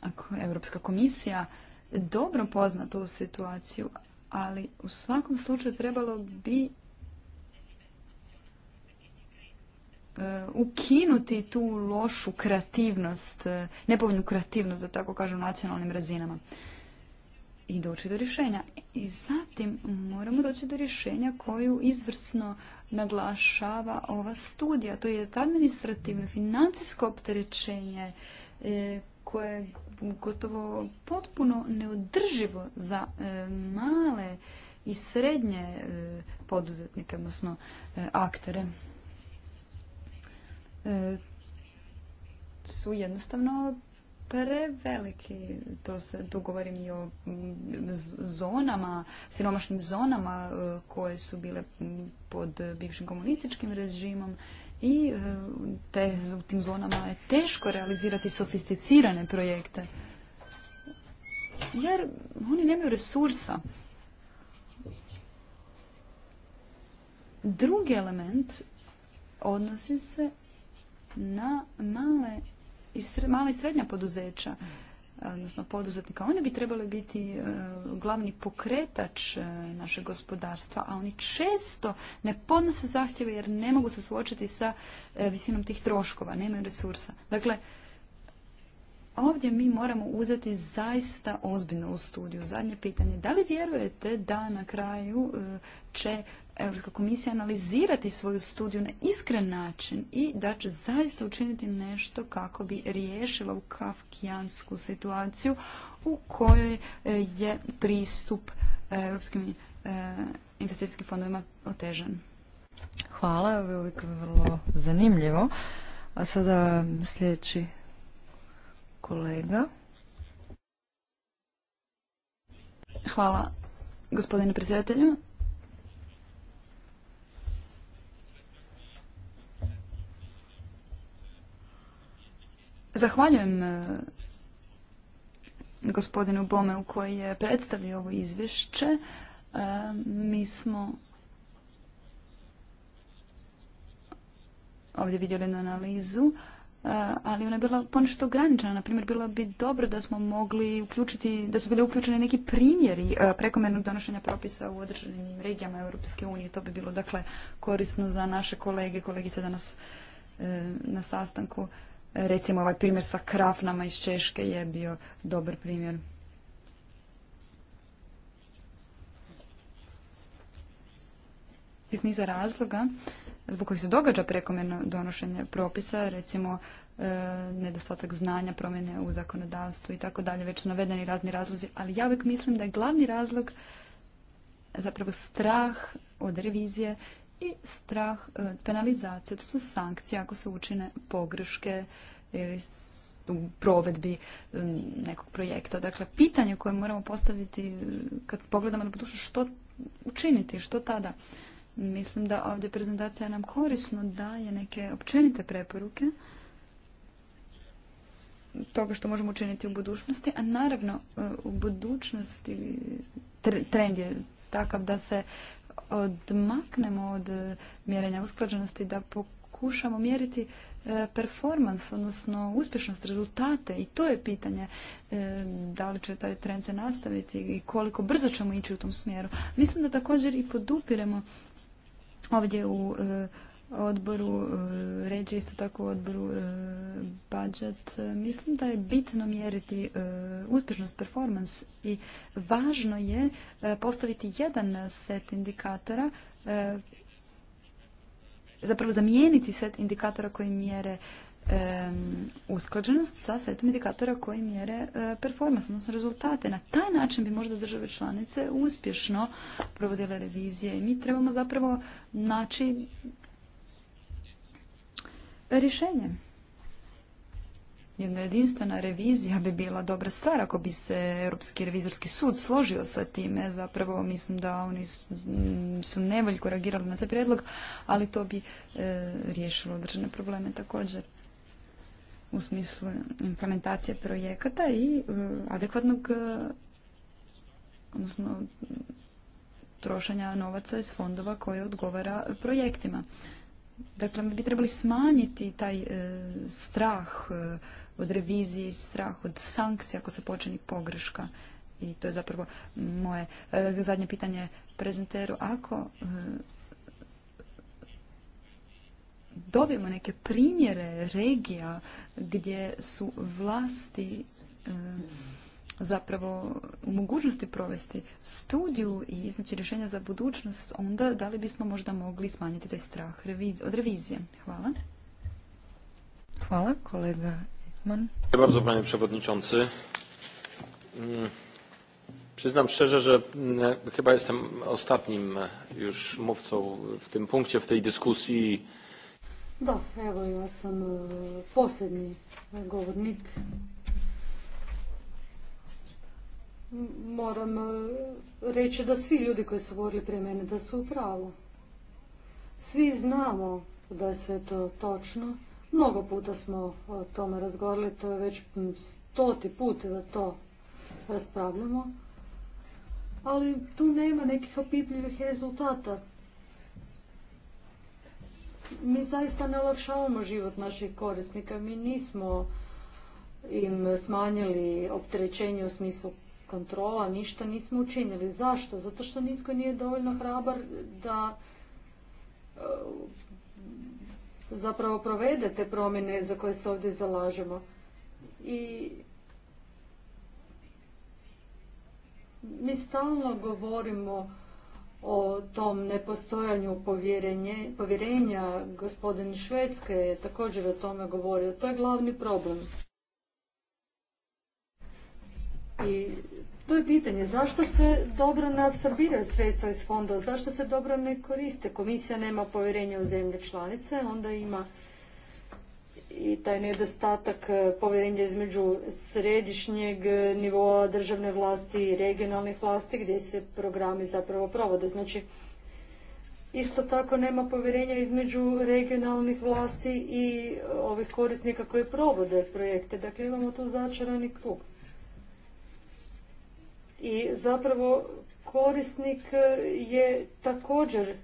Ako Europska komisija dobro pozna tu situaciju, ali u svakom slučaju trebalo bi e, ukinuti tu lošu kreativnost, e, nepovoljnu kreativnost, da tako kažem, nacionalnim razinama i doći do rješenja. I zatim moramo doći do rješenja koju izvrsno naglašava ova studija, to je administrativno financijsko opterećenje e, koje je gotovo potpuno neodrživo za e, male i srednje e, poduzetnike, odnosno e, aktere su jednostavno preveliki. To se tu govorim i o mm, zonama, siromašnim zonama koje su bile pod bivšim komunističkim režimom i e, te, u tim zonama je teško realizirati sofisticirane projekte jer oni nemaju resursa. Drugi element odnosi se na male i srednja poduzeća odnosno poduzetnika, oni bi trebali biti e, glavni pokretač e, našeg gospodarstva, a oni često ne podnose zahtjeve jer ne mogu se suočiti sa e, visinom tih troškova, nemaju resursa. Dakle, ovdje mi moramo uzeti zaista ozbiljno u studiju. Zadnje pitanje, da li vjerujete da na kraju će Europska komisija analizirati svoju studiju na iskren način i da će zaista učiniti nešto kako bi riješila u kafkijansku situaciju u kojoj e, je pristup e, europskim e, investicijskim fondovima otežan. Hvala, ovo je uvijek vrlo zanimljivo. A sada sljedeći kolega. Hvala gospodine predsjedatelju. Zahvaljujem e, gospodinu Bomeu koji je predstavio ovo izvješće. E, mi smo ovdje vidjeli jednu analizu, e, ali ona je bila ponešto ograničena. Naprimjer, bilo bi dobro da smo mogli uključiti, da su bili uključeni neki primjeri prekomjernog donošenja propisa u određenim regijama Europske unije. To bi bilo, dakle, korisno za naše kolege, kolegice danas na sastanku. Recimo ovaj primjer sa krafnama iz Češke je bio dobar primjer. Iz niza razloga zbog kojih se događa prekomjerno donošenje propisa, recimo e, nedostatak znanja, promjene u zakonodavstvu i tako dalje, već su navedeni razni razlozi, ali ja uvijek mislim da je glavni razlog zapravo strah od revizije i strah e, penalizacije, to su sankcije ako se učine pogreške ili u provedbi e, nekog projekta. Dakle, pitanje koje moramo postaviti e, kad pogledamo na budućnost što učiniti, što tada. Mislim da ovdje prezentacija nam korisno daje neke općenite preporuke toga što možemo učiniti u budućnosti, a naravno u budućnosti trend je takav da se odmaknemo od e, mjerenja usklađenosti, da pokušamo mjeriti e, performans, odnosno uspješnost rezultate i to je pitanje e, da li će taj trend se nastaviti i koliko brzo ćemo ići u tom smjeru. Mislim da također i podupiremo ovdje u odboru e, reći isto tako odboru e, budget. E, mislim da je bitno mjeriti uspješnost performance i važno je postaviti jedan set indikatora zapravo zamijeniti set indikatora koji mjere usklađenost sa setom indikatora koji mjere performance, odnosno rezultate. Na taj način bi možda države članice uspješno provodile revizije i mi trebamo zapravo naći rješenje. Jedna jedinstvena revizija bi bila dobra stvar ako bi se Europski revizorski sud složio sa time. Zapravo mislim da oni su, nevoljko reagirali na taj prijedlog, ali to bi e, riješilo određene probleme također u smislu implementacije projekata i e, adekvatnog e, odnosno trošenja novaca iz fondova koje odgovara projektima. Dakle, mi bi trebali smanjiti taj e, strah e, od revizije, strah od sankcija ako se počini pogreška. I to je zapravo moje e, zadnje pitanje prezenteru. Ako dobijemo neke primjere regija gdje su vlasti zapravo u mogućnosti provesti studiju i iznaći rješenja za budućnost, onda da li bismo možda mogli smanjiti taj strah od revizije? Hvala. Hvala, kolega Ekman. Dziękuję bardzo, panie przewodniczący. Mm, przyznam szczerze, że mm, chyba jestem ostatnim e, już mówcą w tym punkcie, w tej dyskusji. Da, evo ja sam e, posljednji govornik moram e, reći da svi ljudi koji su govorili prije mene da su u pravu. Svi znamo da je sve to točno. Mnogo puta smo o tome razgovarali, to je već stoti put da to raspravljamo. Ali tu nema nekih opipljivih rezultata. Mi zaista ne olakšavamo život naših korisnika. Mi nismo im smanjili opterećenje u smislu kontrola, ništa nismo učinili. Zašto? Zato što nitko nije dovoljno hrabar da e, zapravo provede te promjene za koje se ovdje zalažemo. I mi stalno govorimo o tom nepostojanju povjerenja. Gospodin Švedske je također o tome govorio. To je glavni problem. I to je pitanje zašto se dobro ne apsorbiraju sredstva iz fondova, zašto se dobro ne koriste. Komisija nema povjerenja u zemlje članice, onda ima i taj nedostatak e, povjerenja između središnjeg e, nivoa državne vlasti i regionalnih vlasti gdje se programi zapravo provode. Znači, isto tako nema povjerenja između regionalnih vlasti i ovih korisnika koji provode projekte. Dakle, imamo tu začarani krug i zapravo korisnik e, je također e,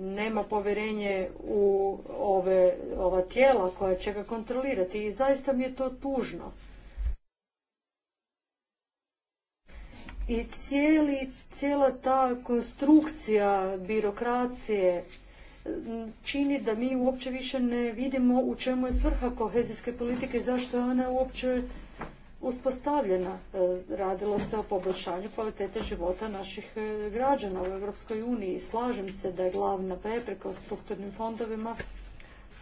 nema povjerenje u ove, ova tijela koja će ga kontrolirati i zaista mi je to tužno. I cijeli, cijela ta konstrukcija birokracije čini da mi uopće više ne vidimo u čemu je svrha kohezijske politike i zašto je ona uopće uspostavljena. E, Radilo se o poboljšanju kvalitete života naših e, građana u Europskoj uniji. Slažem se da je glavna prepreka u strukturnim fondovima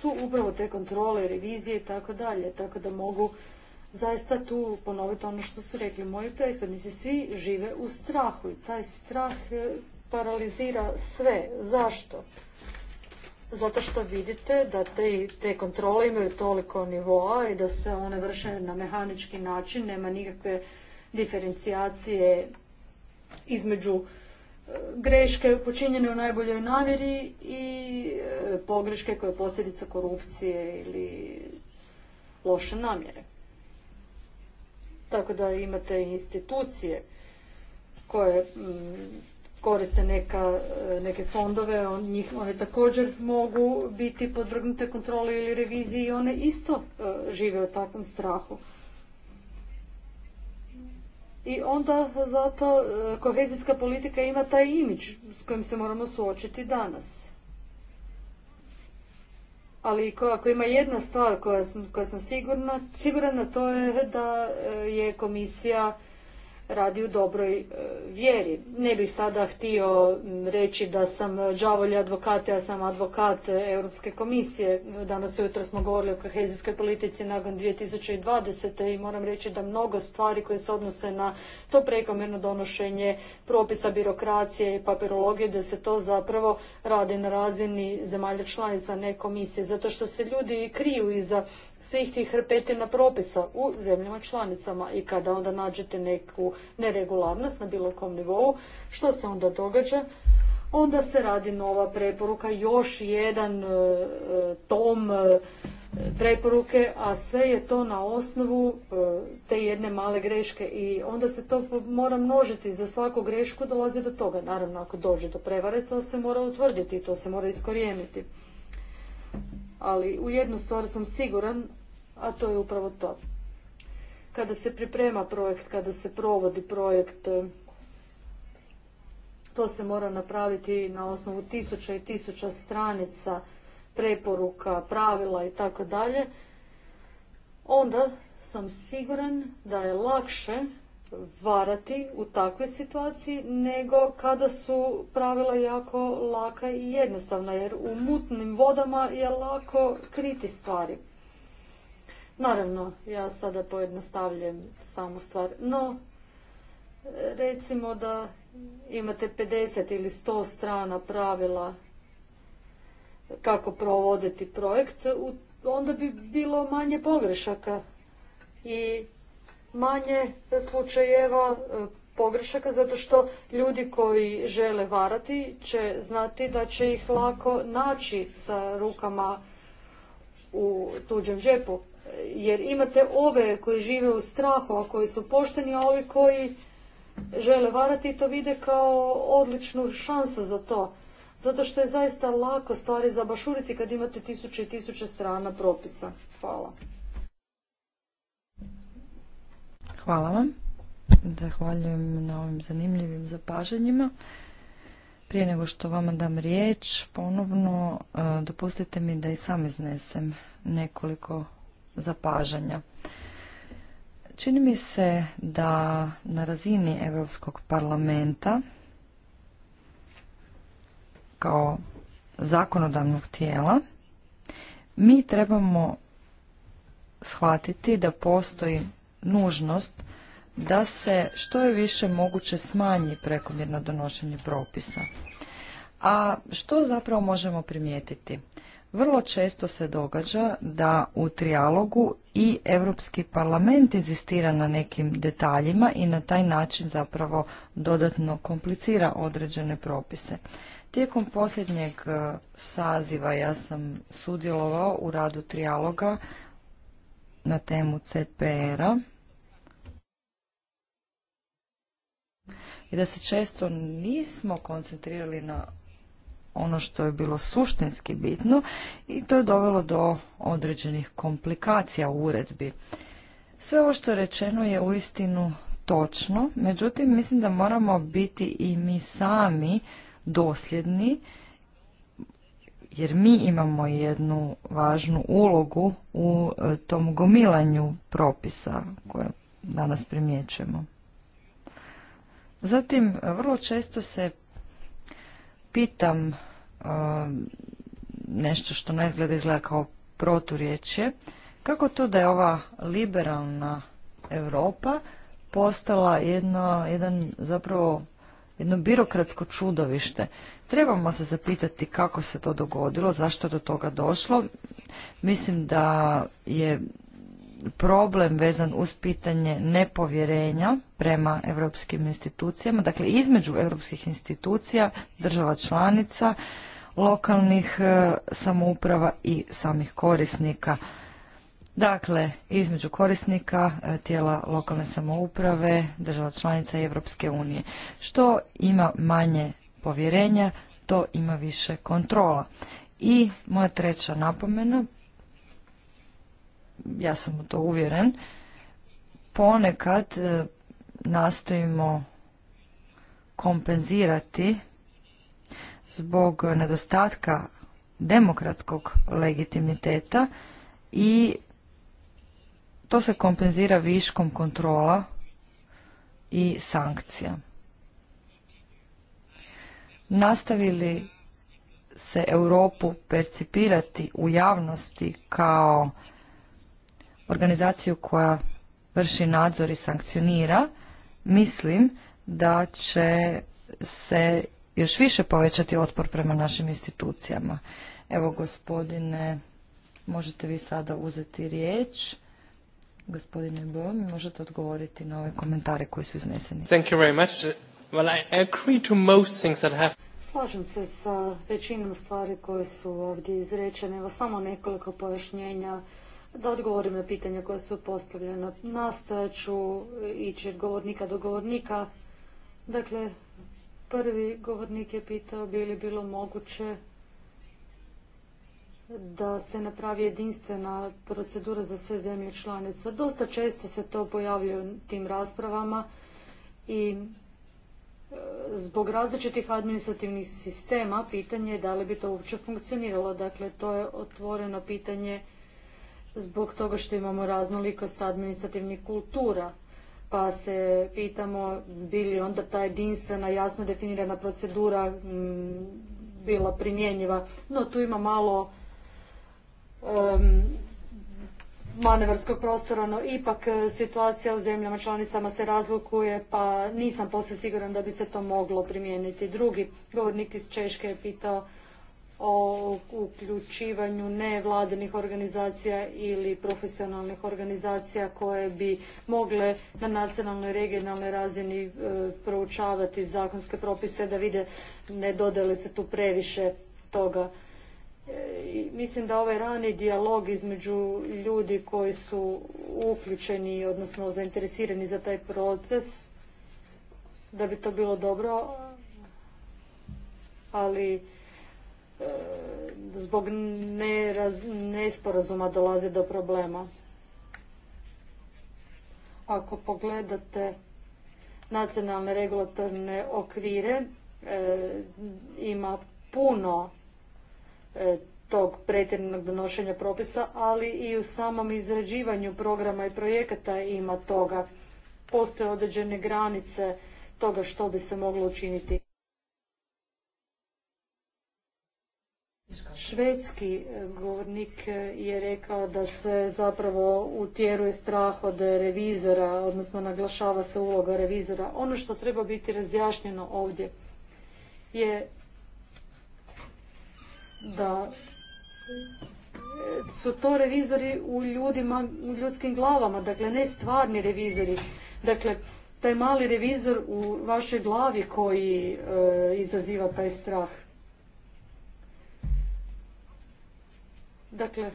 su upravo te kontrole, revizije i tako dalje, tako da mogu zaista tu ponoviti ono što su rekli moji prethodnici. Svi žive u strahu i taj strah e, paralizira sve. Zašto? zato što vidite da te, te kontrole imaju toliko nivoa i da se one vrše na mehanički način, nema nikakve diferencijacije između e, greške počinjene u najboljoj namjeri i e, pogreške koje je posljedica korupcije ili loše namjere. Tako da imate institucije koje mm, koriste neka, neke fondove, on, njih, one također mogu biti podvrgnute kontroli ili reviziji i one isto e, žive u takvom strahu. I onda zato e, kohezijska politika ima taj imidž s kojim se moramo suočiti danas. Ali ako ima jedna stvar koja, koja sam sigurna, sigurna to je da e, je komisija radi u dobroj e, vjeri. Ne bih sada htio reći da sam đavolji advokat, ja sam advokat e, Europske komisije. Danas ujutro smo govorili o kohezijskoj politici nakon 2020. i moram reći da mnogo stvari koje se odnose na to prekomjerno donošenje propisa birokracije i papirologije, da se to zapravo radi na razini zemalja članica, ne komisije, zato što se ljudi kriju iza svih tih hrpetina propisa u zemljama članicama i kada onda nađete neku neregularnost na bilo kom nivou, što se onda događa? Onda se radi nova preporuka, još jedan e, tom e, preporuke, a sve je to na osnovu e, te jedne male greške i onda se to mora množiti. Za svaku grešku dolazi do toga. Naravno, ako dođe do prevare, to se mora utvrditi, to se mora iskorijeniti ali u jednu stvar sam siguran, a to je upravo to. Kada se priprema projekt, kada se provodi projekt, to se mora napraviti na osnovu tisuća i tisuća stranica, preporuka, pravila i tako dalje, onda sam siguran da je lakše varati u takvoj situaciji nego kada su pravila jako laka i jednostavna jer u mutnim vodama je lako kriti stvari. Naravno, ja sada pojednostavljujem samu stvar, no recimo da imate 50 ili 100 strana pravila kako provoditi projekt, onda bi bilo manje pogrešaka i manje slučajeva e, pogrešaka zato što ljudi koji žele varati će znati da će ih lako naći sa rukama u tuđem džepu. Jer imate ove koji žive u strahu, a koji su pošteni, a ovi koji žele varati to vide kao odličnu šansu za to. Zato što je zaista lako stvari zabašuriti kad imate tisuće i tisuće strana propisa. Hvala. Hvala vam. Zahvaljujem na ovim zanimljivim zapažanjima. Prije nego što vama dam riječ, ponovno e, dopustite mi da i sam iznesem nekoliko zapažanja. Čini mi se da na razini Europskog parlamenta kao zakonodavnog tijela mi trebamo shvatiti da postoji nužnost da se što je više moguće smanji prekomjerno donošenje propisa. A što zapravo možemo primijetiti? Vrlo često se događa da u trijalogu i Europski parlament inzistira na nekim detaljima i na taj način zapravo dodatno komplicira određene propise. Tijekom posljednjeg e, saziva ja sam sudjelovao u radu trijaloga na temu CPR-a i da se često nismo koncentrirali na ono što je bilo suštinski bitno i to je dovelo do određenih komplikacija u uredbi. Sve ovo što je rečeno je uistinu točno, međutim mislim da moramo biti i mi sami dosljedni jer mi imamo jednu važnu ulogu u e, tom gomilanju propisa koje danas primjećujemo. Zatim, vrlo često se pitam e, nešto što ne izgleda, izgleda kao proturječje, kako to da je ova liberalna Europa postala jedno, jedan zapravo jedno birokratsko čudovište. Trebamo se zapitati kako se to dogodilo, zašto do toga došlo. Mislim da je problem vezan uz pitanje nepovjerenja prema europskim institucijama, dakle između europskih institucija, država članica, lokalnih e, samouprava i samih korisnika. Dakle, između korisnika, e, tijela lokalne samouprave, država članica i Evropske unije, što ima manje povjerenja, to ima više kontrola. I moja treća napomena, ja sam u to uvjeren, ponekad e, nastojimo kompenzirati zbog nedostatka demokratskog legitimiteta i to se kompenzira viškom kontrola i sankcija nastavili se Europu percipirati u javnosti kao organizaciju koja vrši nadzor i sankcionira, mislim da će se još više povećati otpor prema našim institucijama. Evo gospodine, možete vi sada uzeti riječ. Gospodine mi možete odgovoriti na ove komentare koji su izneseni. Thank you Well, Slažem se sa većinom stvari koje su ovdje izrečene. Evo samo nekoliko pojašnjenja da odgovorim na pitanja koja su postavljena. Nastojat ću ići od govornika do govornika. Dakle, prvi govornik je pitao bi li bilo moguće da se napravi jedinstvena procedura za sve zemlje članice. Dosta često se to pojavljuje u tim raspravama i zbog različitih administrativnih sistema pitanje je da li bi to uopće funkcioniralo. Dakle, to je otvoreno pitanje zbog toga što imamo raznolikost administrativnih kultura. Pa se pitamo bi li onda ta jedinstvena, jasno definirana procedura mm, bila primjenjiva. No tu ima malo manevarskog prostora, no ipak e, situacija u zemljama članicama se razlikuje, pa nisam posve siguran da bi se to moglo primijeniti. Drugi govornik iz Češke je pitao o uključivanju nevladinih organizacija ili profesionalnih organizacija koje bi mogle na nacionalnoj i regionalnoj razini e, proučavati zakonske propise da vide ne li se tu previše toga mislim da ovaj rani dijalog između ljudi koji su uključeni, odnosno zainteresirani za taj proces, da bi to bilo dobro, ali e, zbog nesporazuma dolazi do problema. Ako pogledate nacionalne regulatorne okvire, e, ima puno E, tog pretjeranog donošenja propisa, ali i u samom izrađivanju programa i projekata ima toga. Postoje određene granice toga što bi se moglo učiniti. Švedski e, govornik e, je rekao da se zapravo utjeruje strah od revizora, odnosno naglašava se uloga revizora. Ono što treba biti razjašnjeno ovdje je da su to revizori u ljudima, u ljudskim glavama, dakle ne stvarni revizori. Dakle, taj mali revizor u vašoj glavi koji e, izaziva taj strah. Dakle,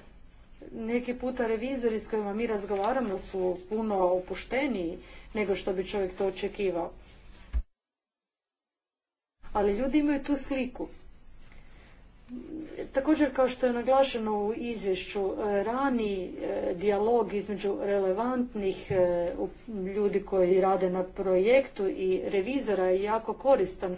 neki puta revizori s kojima mi razgovaramo su puno opušteniji nego što bi čovjek to očekivao. Ali ljudi imaju tu sliku. Također, kao što je naglašeno u izvješću, e, rani e, dijalog između relevantnih e, ljudi koji rade na projektu i revizora je jako koristan.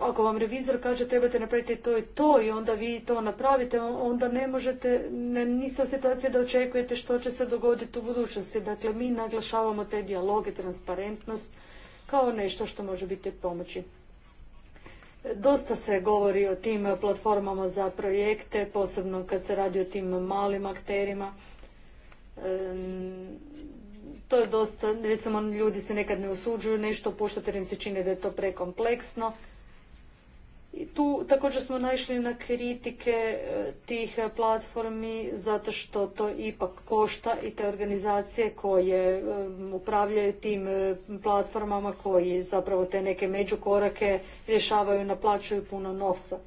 Ako vam revizor kaže trebate napraviti to i to i onda vi to napravite, onda ne možete, ne, niste u situaciji da očekujete što će se dogoditi u budućnosti. Dakle, mi naglašavamo te dijaloge, transparentnost kao nešto što može biti pomoći. Dosta se govori o tim platformama za projekte, posebno kad se radi o tim malim akterima. to je dosta, recimo ljudi se nekad ne usuđuju nešto puštati jer im se čini da je to prekompleksno. I tu također smo naišli na kritike e, tih platformi zato što to ipak košta i te organizacije koje e, upravljaju tim e, platformama koji zapravo te neke međukorake rješavaju, naplaćuju puno novca.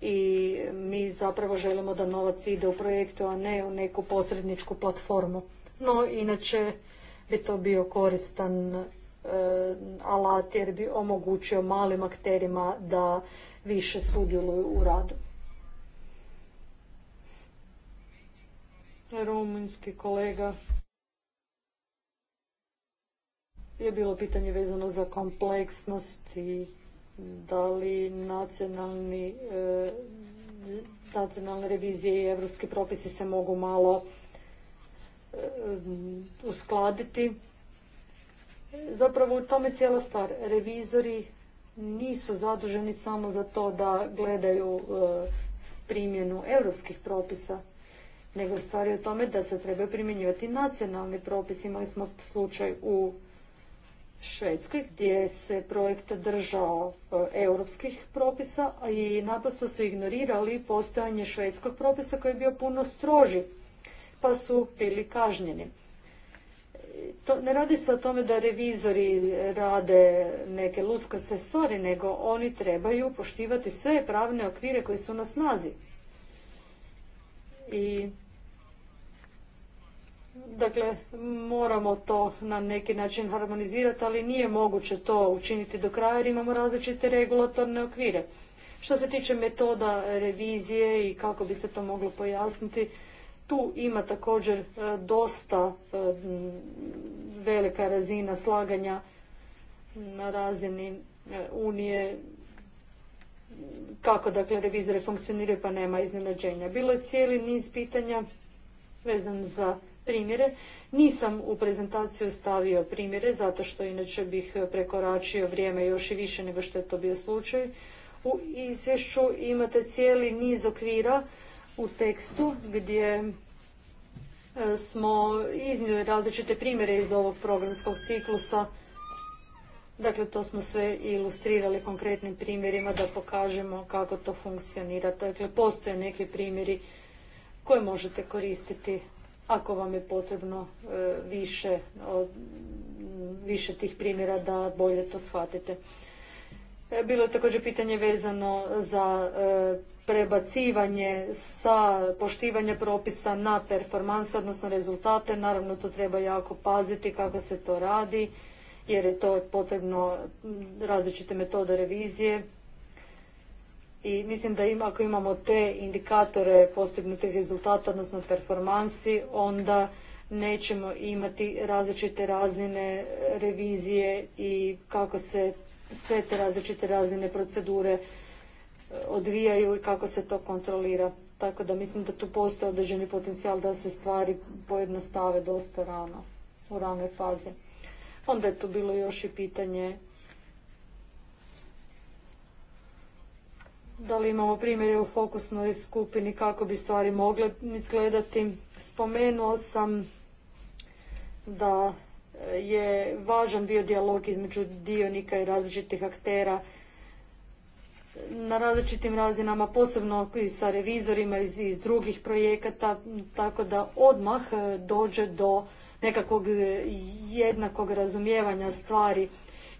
I mi zapravo želimo da novac ide u projektu, a ne u neku posredničku platformu. No, inače bi to bio koristan E, alat jer bi omogućio malim akterima da više sudjeluju u radu. Rumunjski kolega je bilo pitanje vezano za kompleksnost i da li nacionalni, e, nacionalne revizije i evropski propisi se mogu malo e, uskladiti Zapravo u tome cijela stvar. Revizori nisu zaduženi samo za to da gledaju e, primjenu europskih propisa, nego stvar je u tome da se trebaju primjenjivati nacionalni propis. Imali smo slučaj u Švedskoj gdje se projekt držao e, europskih propisa i naprosto su ignorirali postojanje švedskog propisa koji je bio puno stroži, pa su bili kažnjeni ne radi se o tome da revizori rade neke ludske stvari, nego oni trebaju poštivati sve pravne okvire koji su na snazi. I Dakle, moramo to na neki način harmonizirati, ali nije moguće to učiniti do kraja jer imamo različite regulatorne okvire. Što se tiče metoda revizije i kako bi se to moglo pojasniti, tu ima također e, dosta e, velika razina slaganja na razini e, Unije kako dakle revizori funkcioniraju pa nema iznenađenja. Bilo je cijeli niz pitanja vezan za primjere. Nisam u prezentaciju stavio primjere zato što inače bih prekoračio vrijeme još i više nego što je to bio slučaj. U izvješću imate cijeli niz okvira u tekstu gdje e, smo iznijeli različite primjere iz ovog programskog ciklusa. Dakle, to smo sve ilustrirali konkretnim primjerima da pokažemo kako to funkcionira. Dakle, postoje neki primjeri koje možete koristiti ako vam je potrebno e, više, više tih primjera da bolje to shvatite. Bilo je također pitanje vezano za e, prebacivanje sa poštivanja propisa na performanse, odnosno rezultate. Naravno, to treba jako paziti kako se to radi, jer je to potrebno različite metode revizije. I mislim da ako imamo te indikatore postignutih rezultata, odnosno performansi, onda nećemo imati različite razine revizije i kako se sve te različite razine procedure e, odvijaju i kako se to kontrolira. Tako da mislim da tu postoji određeni potencijal da se stvari pojednostave dosta rano, u ranoj fazi. Onda je tu bilo još i pitanje da li imamo primjere u fokusnoj skupini kako bi stvari mogle izgledati. Spomenuo sam da je važan bio dijalog između dionika i različitih aktera na različitim razinama, posebno i sa revizorima iz, iz drugih projekata, tako da odmah e, dođe do nekakvog jednakog razumijevanja stvari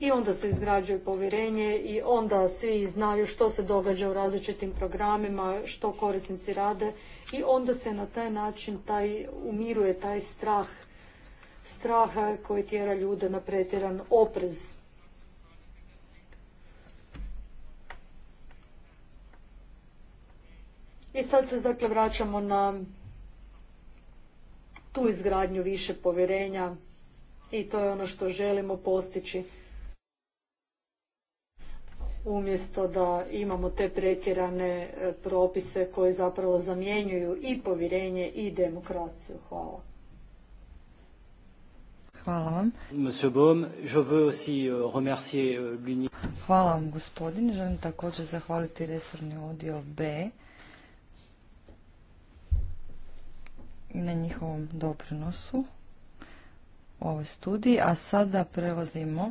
i onda se izgrađuje povjerenje i onda svi znaju što se događa u različitim programima, što korisnici rade i onda se na taj način taj umiruje taj strah straha koji tjera ljude na pretjeran oprez. I sad se dakle vraćamo na tu izgradnju više povjerenja i to je ono što želimo postići umjesto da imamo te pretjerane e, propise koji zapravo zamjenjuju i povjerenje i demokraciju. Hvala. Hvala vam. Euh, euh, Hvala vam gospodin. Želim također zahvaliti resorni odio B i na njihovom doprinosu ovoj studiji. A sada prelazimo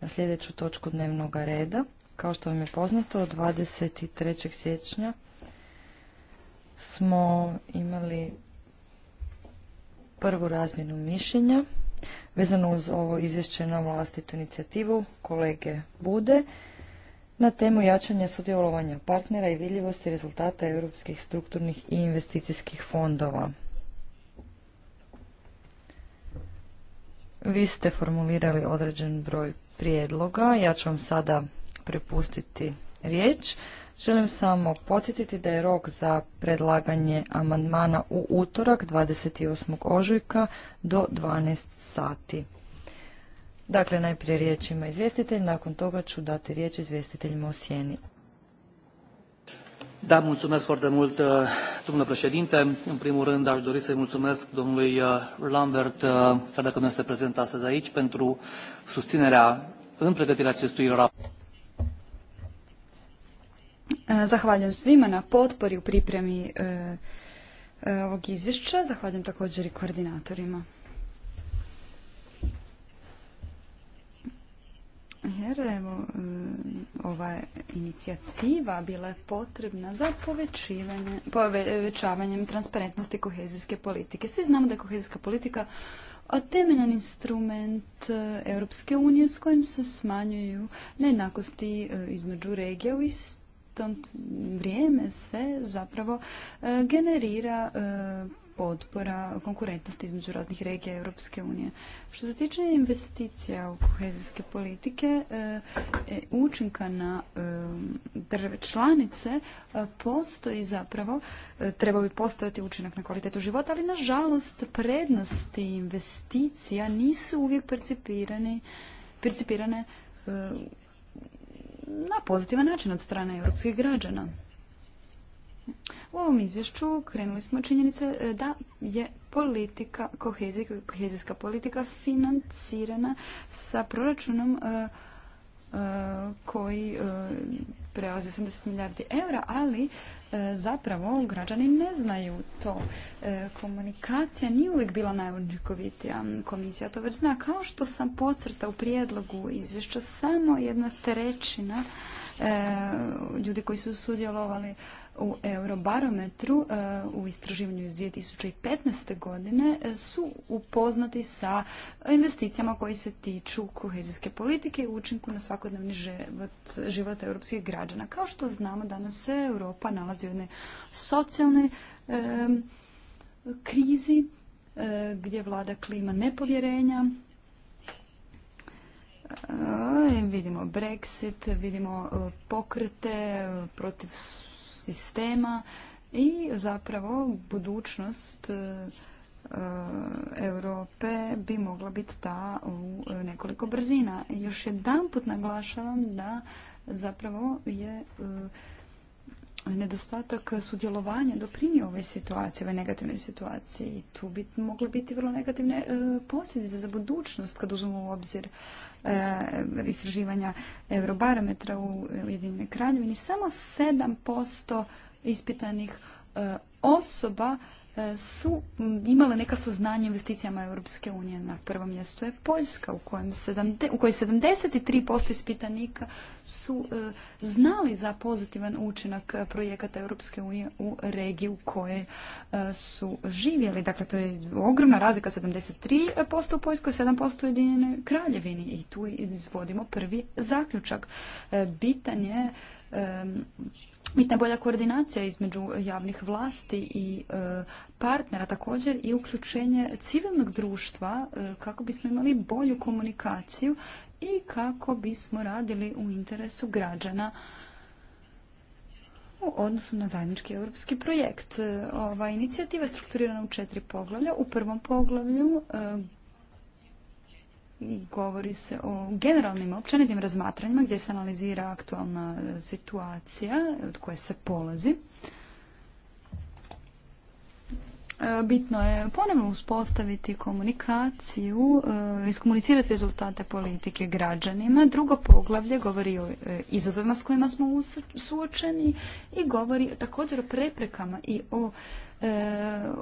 na sljedeću točku dnevnog reda. Kao što vam je poznato, od 23. siječnja smo imali prvu razmjenu mišljenja vezano uz ovo izvješće na vlastitu inicijativu kolege Bude na temu jačanja sudjelovanja partnera i vidljivosti rezultata europskih strukturnih i investicijskih fondova. Vi ste formulirali određen broj prijedloga. Ja ću vam sada prepustiti riječ. Želim samo podsjetiti da je rok za predlaganje amandmana u utorak 28. ožujka do 12 sati. Dakle, najprije riječ ima izvjestitelj, nakon toga ću dati riječ izvjestiteljima u sjeni. Da, mulțumesc foarte mult, uh, domnule președinte. În primul rând, aș dori să-i mulțumesc domnului uh, Lambert, uh, chiar dacă nu este prezent astăzi aici, pentru susținerea în pregătirea acestui raport. E, zahvaljujem svima na potpori u pripremi e, e, ovog izvješća. Zahvaljujem također i koordinatorima. Jer evo, ova inicijativa bila je potrebna za povećavanjem transparentnosti kohezijske politike. Svi znamo da je kohezijska politika temeljan instrument Europske unije s kojim se smanjuju nejednakosti između regija u to vrijeme se zapravo e, generira e, potpora konkurentnosti između raznih regija Europske unije. Što se tiče investicija u kohezijske politike, e, učinka na države članice postoji zapravo, treba bi postojati učinak na kvalitetu života, ali nažalost prednosti investicija nisu uvijek percipirane, percipirane na pozitivan način od strane europskih građana. U ovom izvješću krenuli smo činjenice e, da je politika, kohezijska politika financirana sa proračunom e, e, koji prelazi 80 milijardi eura, ali E, zapravo građani ne znaju to. E, komunikacija nije uvijek bila najučinkovitija. Komisija to već zna. Kao što sam pocrta u prijedlogu izvješća, samo jedna trećina e, ljudi koji su sudjelovali u Eurobarometru e, u istraživanju iz 2015. godine e, su upoznati sa investicijama koji se tiču kohezijske politike i učinku na svakodnevni život, europskih građana. Kao što znamo, danas se Europa nalazi u jednoj socijalnoj e, krizi gdje vlada klima nepovjerenja, vidimo Brexit, vidimo pokrete protiv sistema i zapravo budućnost e, e, Europe bi mogla biti ta u nekoliko brzina. Još jedan put naglašavam da zapravo je e, nedostatak sudjelovanja doprinio ovoj situaciji, ovoj negativnoj situaciji. Tu bi mogle biti vrlo negativne posljedice za budućnost kad uzmemo u obzir Eh, istraživanja Eurobarometra u Ujedinjenoj kraljevini samo 7% ispitanih eh, osoba su imale neka saznanja investicijama Europske unije. Na prvom mjestu je Poljska u, kojem u kojoj 73% ispitanika su e, znali za pozitivan učinak projekata Europske unije u regiji u kojoj e, su živjeli. Dakle, to je ogromna razlika 73% u Poljskoj, 7% u Jedinjenoj kraljevini i tu izvodimo prvi zaključak. E, bitan je bitna bolja koordinacija između javnih vlasti i e, partnera također i uključenje civilnog društva e, kako bismo imali bolju komunikaciju i kako bismo radili u interesu građana u odnosu na zajednički europski projekt. E, ova inicijativa je strukturirana u četiri poglavlja. U prvom poglavlju govori se o generalnim općenitim razmatranjima gdje se analizira aktualna situacija od koje se polazi. E, bitno je ponovno uspostaviti komunikaciju, e, iskomunicirati rezultate politike građanima. Drugo poglavlje govori o e, izazovima s kojima smo suočeni i govori također o preprekama i o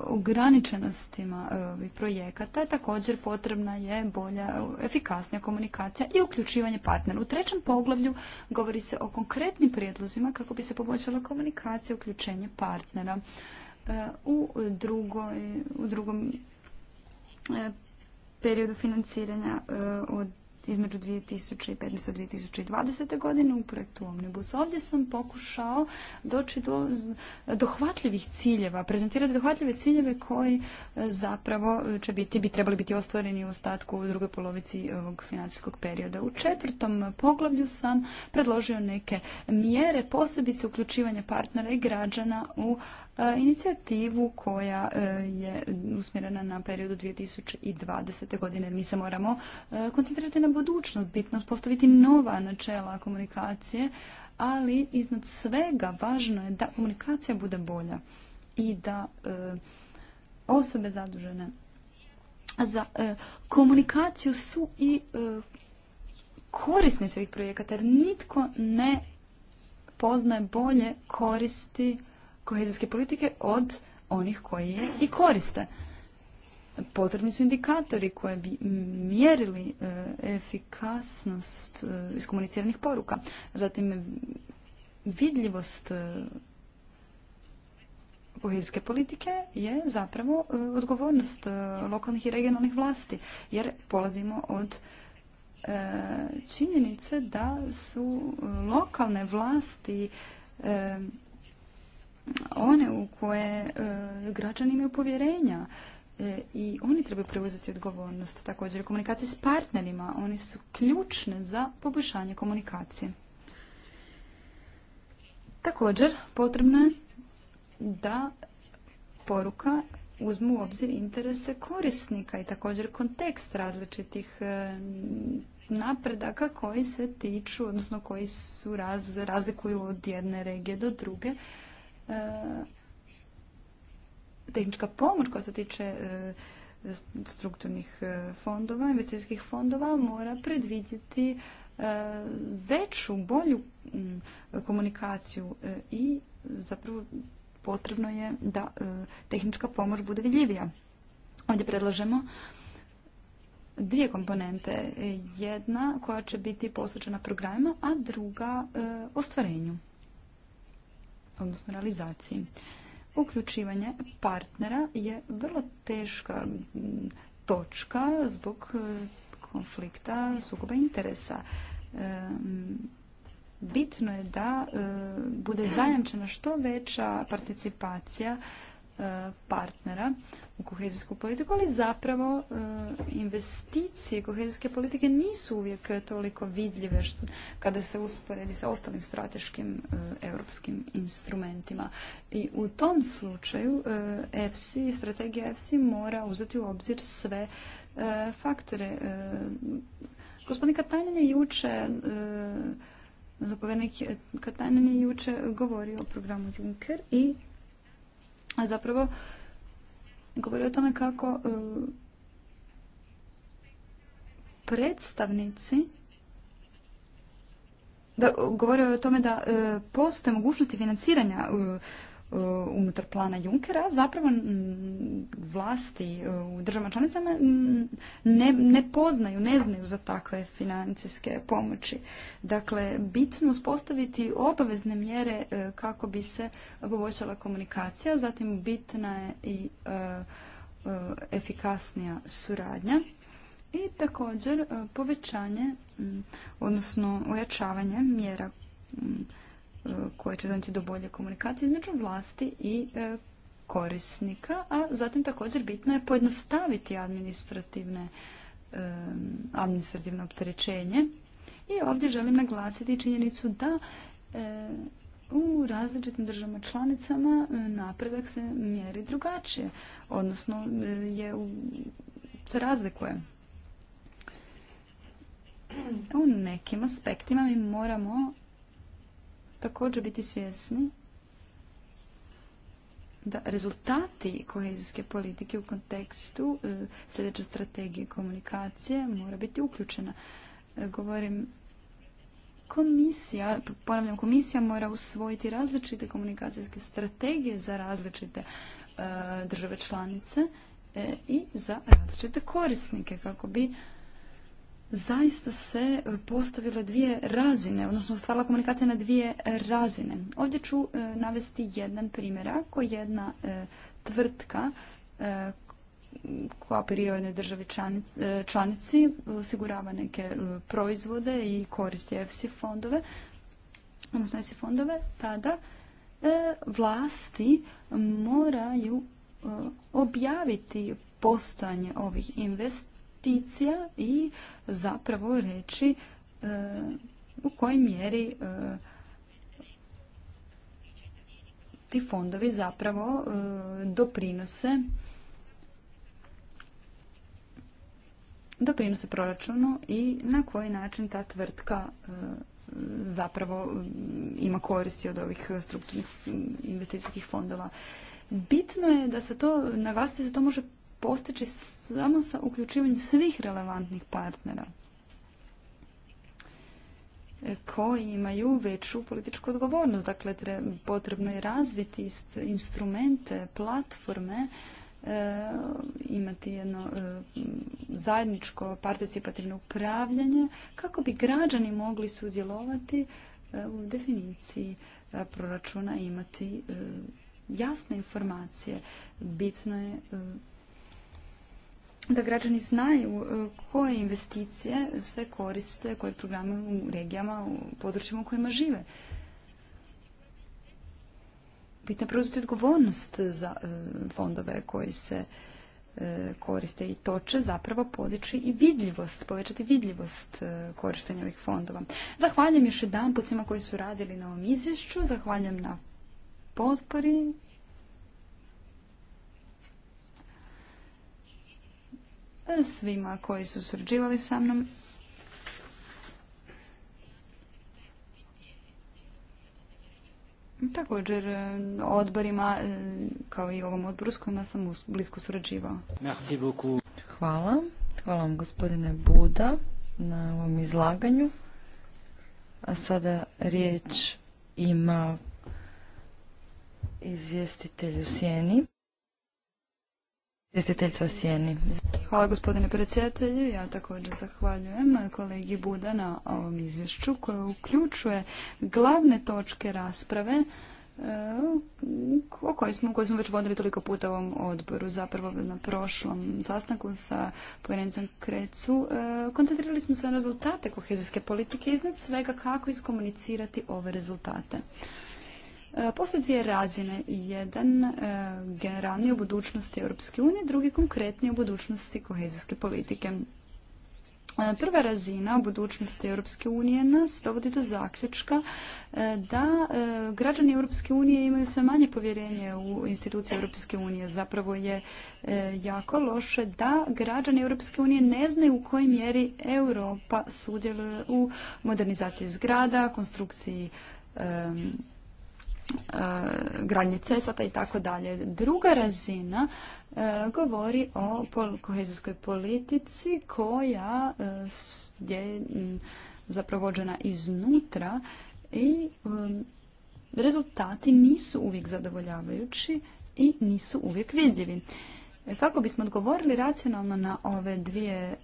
ograničenostima projekata. Također potrebna je bolja, efikasnija komunikacija i uključivanje partnera. U trećem poglavlju govori se o konkretnim prijedlozima kako bi se poboljšala komunikacija i uključenje partnera u, drugoj, u drugom e, periodu financiranja e, od između 2015. i 2020. godine u projektu Omnibus. Ovdje sam pokušao doći do dohvatljivih ciljeva, prezentirati dohvatljive ciljeve koji e, zapravo će biti, bi trebali biti ostvareni u ostatku u drugoj polovici ovog financijskog perioda. U četvrtom poglavlju sam predložio neke mjere, posebice uključivanja partnera i građana u E, inicijativu koja e, je usmjerena na periodu 2020. godine. Mi se moramo e, koncentrirati na budućnost, bitno postaviti nova načela komunikacije, ali iznad svega važno je da komunikacija bude bolja i da osobe zadužene za komunikaciju su i korisni svih projekata jer nitko ne poznaje bolje koristi kohezijske politike od onih koji je i koriste. Potrebni su indikatori koje bi mjerili e, efikasnost e, iskomuniciranih poruka. Zatim vidljivost e, kohezijske politike je zapravo odgovornost lokalnih i regionalnih vlasti. Jer polazimo od činjenice da su lokalne vlasti one u koje e, građani imaju povjerenja e, i oni trebaju preuzeti odgovornost također komunikacije s partnerima. Oni su ključne za poboljšanje komunikacije. Također potrebno je da poruka uzmu u obzir interese korisnika i također kontekst različitih e, napredaka koji se tiču, odnosno koji su razlikuju od jedne regije do druge E, tehnička pomoć koja se tiče e, strukturnih e, fondova, investicijskih fondova mora predvidjeti veću, bolju komunikaciju i zapravo potrebno je da tehnička pomoć bude vidljivija. Ovdje predlažemo dvije komponente. Jedna koja će biti posvećena programima, a druga ostvarenju odnosno realizaciji. Uključivanje partnera je vrlo teška točka zbog e, konflikta sukoba interesa. E, bitno je da e, bude zajamčena što veća participacija E, partnera u kohezijsku politiku, ali zapravo e, investicije kohezijske politike nisu uvijek toliko vidljive kada se usporedi sa ostalim strateškim e, europskim instrumentima. I u tom slučaju EFSI, strategija EFSI mora uzeti u obzir sve faktore. Gospodin Katajnen je juče zapovjednik je juče govorio o programu Juncker i zapravo govori o tome kako e, predstavnici da govore o tome da e, postoje mogućnosti financiranja e, Eh, unutar plana Junkera, zapravo vlasti eh, u državama članicama ne, ne poznaju, ne znaju za takve financijske pomoći. Dakle, bitno uspostaviti obavezne mjere eh, kako bi se poboljšala komunikacija, zatim bitna je i efikasnija suradnja i također povećanje, mm, odnosno ojačavanje mjera mm, koje će donijeti do bolje komunikacije između vlasti i e, korisnika, a zatim također bitno je pojednostaviti administrativne e, administrativno opterećenje. I ovdje želim naglasiti činjenicu da e, u različitim državama članicama napredak se mjeri drugačije, odnosno je se razlikuje. U nekim aspektima mi moramo također biti svjesni da rezultati kohezijske politike u kontekstu e, sljedeće strategije komunikacije mora biti uključena. E, govorim komisija, ponavljam komisija mora usvojiti različite komunikacijske strategije za različite e, države članice i za različite korisnike kako bi zaista se postavile dvije razine, odnosno stvarala komunikacija na dvije razine. Ovdje ću e, navesti jedan primjer. Ako jedna e, tvrtka e, koja operira u jednoj državi članici osigurava neke proizvode i koristi EFSI fondove, odnosno EFSI fondove, tada vlasti moraju objaviti postojanje ovih invest investicija i zapravo reći e, u kojoj mjeri e, ti fondovi zapravo e, doprinose doprinose proračunu i na koji način ta tvrtka zapravo mm, ima koristi od ovih strukturnih investicijskih fondova. Bitno je da se to, na da se to može postići samo sa uključivanjem svih relevantnih partnera e, koji imaju veću političku odgovornost. Dakle, potrebno je razviti instrumente, platforme, e, imati jedno e, zajedničko participativno upravljanje kako bi građani mogli sudjelovati u definiciji proračuna imati jasne informacije. Bitno je da građani znaju e, koje investicije se koriste, koje programe u regijama, u područjima u kojima žive. Bitno je preuzeti odgovornost za e, fondove koji se e, koriste i to će zapravo podići i vidljivost, povećati vidljivost korištenja ovih fondova. Zahvaljujem još jedan put svima koji su radili na ovom izvješću, zahvaljujem na potpori svima koji su surađivali sa mnom. Također odborima, kao i ovom odboru s kojima sam blisko surađivao. Merci Hvala. Hvala vam gospodine Buda na ovom izlaganju. A sada riječ ima izvjestitelju sjeni. Hvala gospodine predsjedatelju. Ja također zahvaljujem kolegi Buda na ovom izvješću koje uključuje glavne točke rasprave e, o kojoj smo, koje već vodili toliko puta u ovom odboru, zapravo na prošlom sastanku sa povjerencom Krecu. E, koncentrirali smo se na rezultate kohezijske politike iznad svega kako iskomunicirati ove rezultate. E, postoje dvije razine. Jedan e, generalni u budućnosti Europske unije, drugi konkretni u budućnosti kohezijske politike. E, prva razina u budućnosti Europske unije nas dovodi do zaključka da građani Europske unije imaju sve manje povjerenje u institucije Europske unije. Zapravo je jako loše da građani Europske unije ne znaju u kojoj mjeri Europa sudjeluje u modernizaciji zgrada, konstrukciji gradnje cesata i tako dalje. Druga razina e, govori o kohezijskoj politici koja e, je zapravo vođena iznutra i rezultati nisu uvijek zadovoljavajući i nisu uvijek vidljivi. E, kako bismo odgovorili racionalno na ove dvije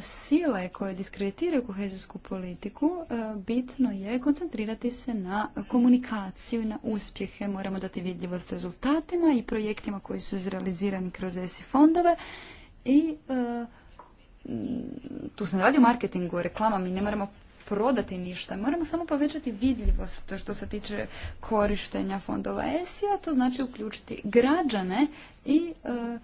sile koje diskreditiraju kohezijsku politiku, e, bitno je koncentrirati se na komunikaciju i na uspjehe. Moramo dati vidljivost rezultatima i projektima koji su izrealizirani kroz ESI fondove i e, tu se ne radi o marketingu, o reklamama mi ne moramo prodati ništa. Moramo samo povećati vidljivost što se tiče korištenja fondova ESI-a, to znači uključiti građane i e,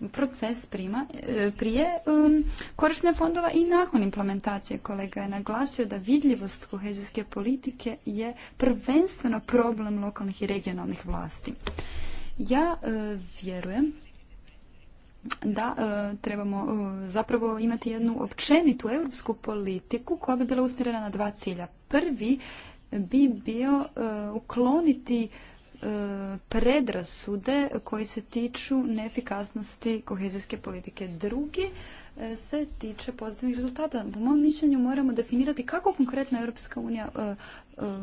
u proces prima, e, prije um, korištenja fondova i nakon implementacije. Kolega je naglasio da vidljivost kohezijske politike je prvenstveno problem lokalnih i regionalnih vlasti. Ja e, vjerujem da e, trebamo zapravo imati jednu općenitu europsku politiku koja bi bila usmjerena na dva cilja. Prvi bi bio ukloniti E, predrasude koji se tiču neefikasnosti kohezijske politike. Drugi e, se tiče pozitivnih rezultata. Po mom mišljenju moramo definirati kako konkretno Europska unija e,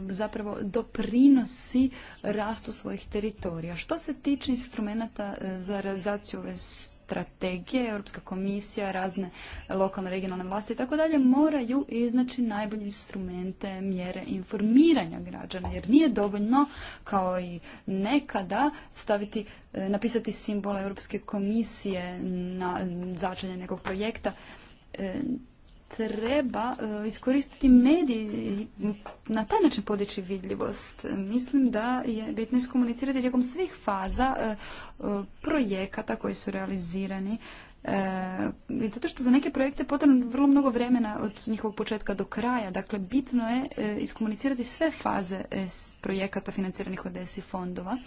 zapravo doprinosi rastu svojih teritorija. Što se tiče instrumenta za realizaciju ove strategije, Europska komisija, razne lokalne regionalne vlasti i tako dalje moraju iznaći najbolje instrumente, mjere informiranja građana jer nije dovoljno kao i nekada staviti eh, napisati simbol Europske komisije na začelje nekog projekta eh, treba e, iskoristiti mediji. na taj način podići vidljivost. Mislim da je bitno iskomunicirati tijekom svih faza e, e, projekata koji su realizirani. Zato što za neke projekte potrebno vrlo mnogo vremena od njihovog početka do kraja. Dakle, bitno je iskomunicirati sve faze projekata financiranih od ESI fondova.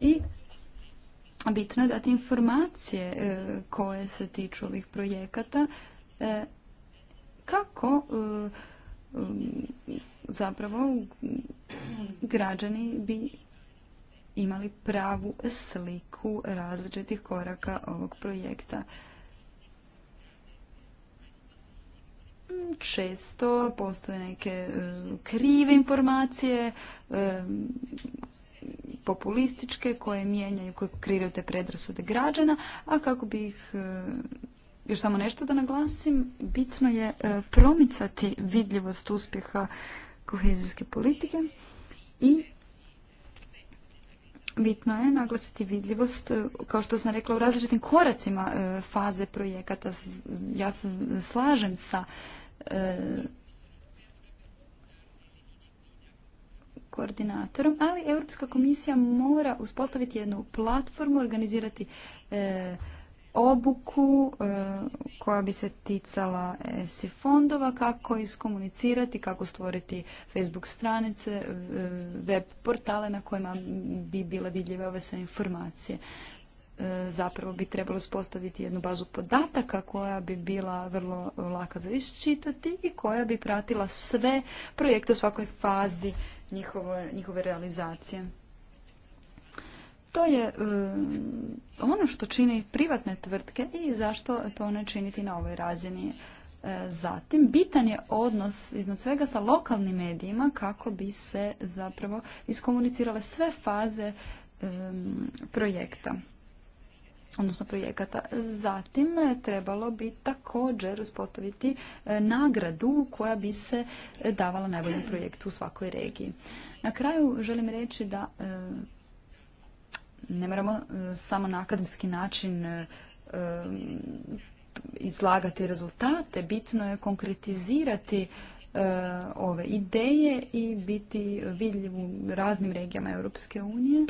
I bitno je dati informacije koje se tiču ovih projekata kako e, e, zapravo građani bi imali pravu sliku različitih koraka ovog projekta. Često postoje neke e, krive informacije, populističke koje mijenjaju, koje kreiraju te predrasude građana, a kako bi ih još samo nešto da naglasim, bitno je e, promicati vidljivost uspjeha kohezijske politike i bitno je naglasiti vidljivost, e, kao što sam rekla, u različitim koracima e, faze projekata. Ja se slažem sa koordinatorom, ali Europska komisija mora uspostaviti jednu platformu, organizirati obuku e, koja bi se ticala ESI fondova, kako iskomunicirati, kako stvoriti Facebook stranice, e, web portale na kojima bi bile vidljive ove sve informacije. E, zapravo bi trebalo uspostaviti jednu bazu podataka koja bi bila vrlo laka za iščitati i koja bi pratila sve projekte u svakoj fazi njihove realizacije. To je e, ono što čini privatne tvrtke i zašto to ne činiti na ovoj razini. E, zatim, bitan je odnos iznad svega sa lokalnim medijima kako bi se zapravo iskomunicirale sve faze e, projekta odnosno projekata. Zatim trebalo bi također uspostaviti nagradu koja bi se davala najboljem projektu u svakoj regiji. Na kraju želim reći da ne moramo e, samo na akademski način e, e, izlagati rezultate, bitno je konkretizirati ove ideje i biti vidljiv u raznim regijama Europske unije.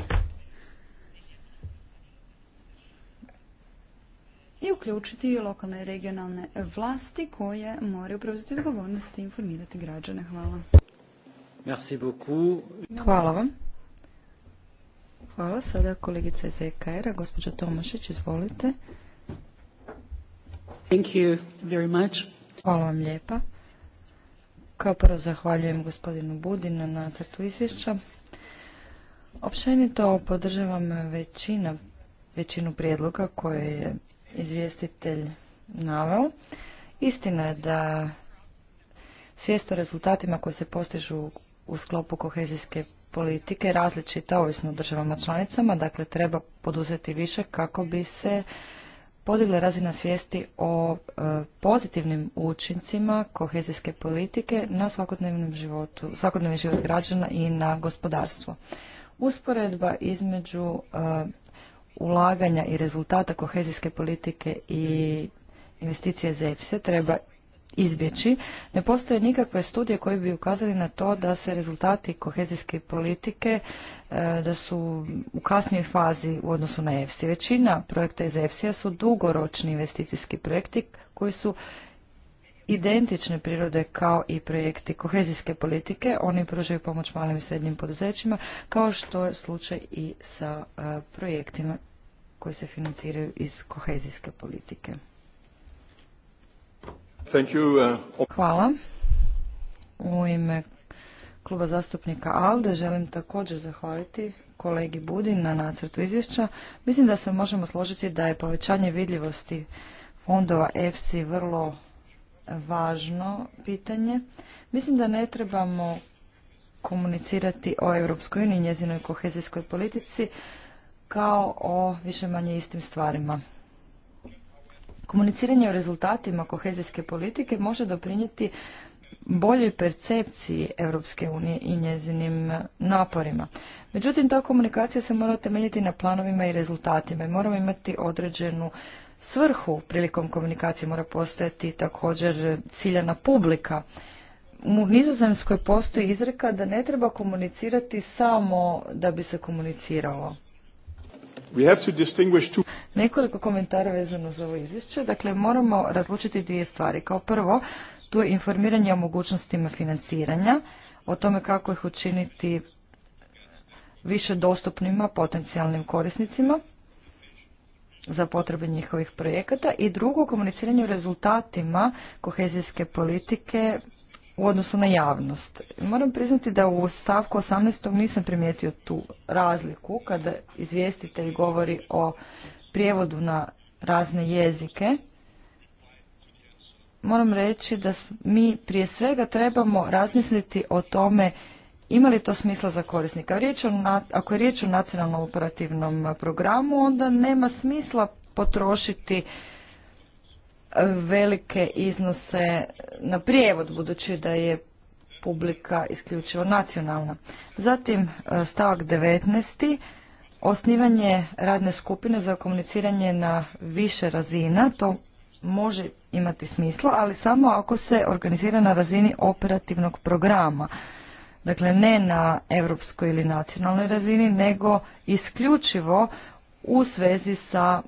i uključiti lokalne i regionalne vlasti koje moraju preuzeti odgovornost i informirati građane. Hvala. Hvala vam. Hvala. Sada kolegica iz EKR-a, gospođa Tomašić, izvolite. Thank you very much. Hvala vam lijepa. Kao prvo zahvaljujem gospodinu Budinu na nacrtu izvješća. Općenito podržavam većina, većinu prijedloga koje je izvjestitelj naveo. Istina je da svijest o rezultatima koji se postižu u sklopu kohezijske politike različita ovisno o državama članicama, dakle treba poduzeti više kako bi se podigla razina svijesti o e, pozitivnim učincima kohezijske politike na svakodnevnom životu, svakodnevni život građana i na gospodarstvo. Usporedba između e, ulaganja i rezultata kohezijske politike i investicije ZEPSE treba izbjeći, ne postoje nikakve studije koje bi ukazali na to da se rezultati kohezijske politike e, da su u kasnijoj fazi u odnosu na EFSI. Većina projekta iz EFSI-a su dugoročni investicijski projekti koji su identične prirode kao i projekti kohezijske politike. Oni pružaju pomoć malim i srednjim poduzećima, kao što je slučaj i sa e, projektima koji se financiraju iz kohezijske politike. Uh, Hvala. U ime kluba zastupnika ALDE želim također zahvaliti kolegi Budin na nacrtu izvješća. Mislim da se možemo složiti da je povećanje vidljivosti fondova EFSI vrlo važno pitanje. Mislim da ne trebamo komunicirati o Europskoj i njezinoj kohezijskoj politici kao o više manje istim stvarima. Komuniciranje o rezultatima kohezijske politike može doprinijeti boljoj percepciji Europske unije i njezinim naporima. Međutim, ta komunikacija se mora temeljiti na planovima i rezultatima i moramo imati određenu svrhu prilikom komunikacije mora postojati također ciljana publika. U Nizozemskoj postoji izreka da ne treba komunicirati samo da bi se komuniciralo. Nekoliko komentara vezano za ovo izvješće. Dakle, moramo razlučiti dvije stvari. Kao prvo, tu je informiranje o mogućnostima financiranja, o tome kako ih učiniti više dostupnima potencijalnim korisnicima za potrebe njihovih projekata i drugo komuniciranje o rezultatima kohezijske politike u odnosu na javnost. Moram priznati da u stavku 18. nisam primijetio tu razliku kada izvjestitelj govori o prijevodu na razne jezike. Moram reći da mi prije svega trebamo razmisliti o tome ima li to smisla za korisnika. ako je riječ o nacionalnom operativnom programu, onda nema smisla potrošiti velike iznose na prijevod, budući da je publika isključivo nacionalna. Zatim e, stavak 19. Osnivanje radne skupine za komuniciranje na više razina, to može imati smisla, ali samo ako se organizira na razini operativnog programa. Dakle, ne na europskoj ili nacionalnoj razini, nego isključivo u svezi sa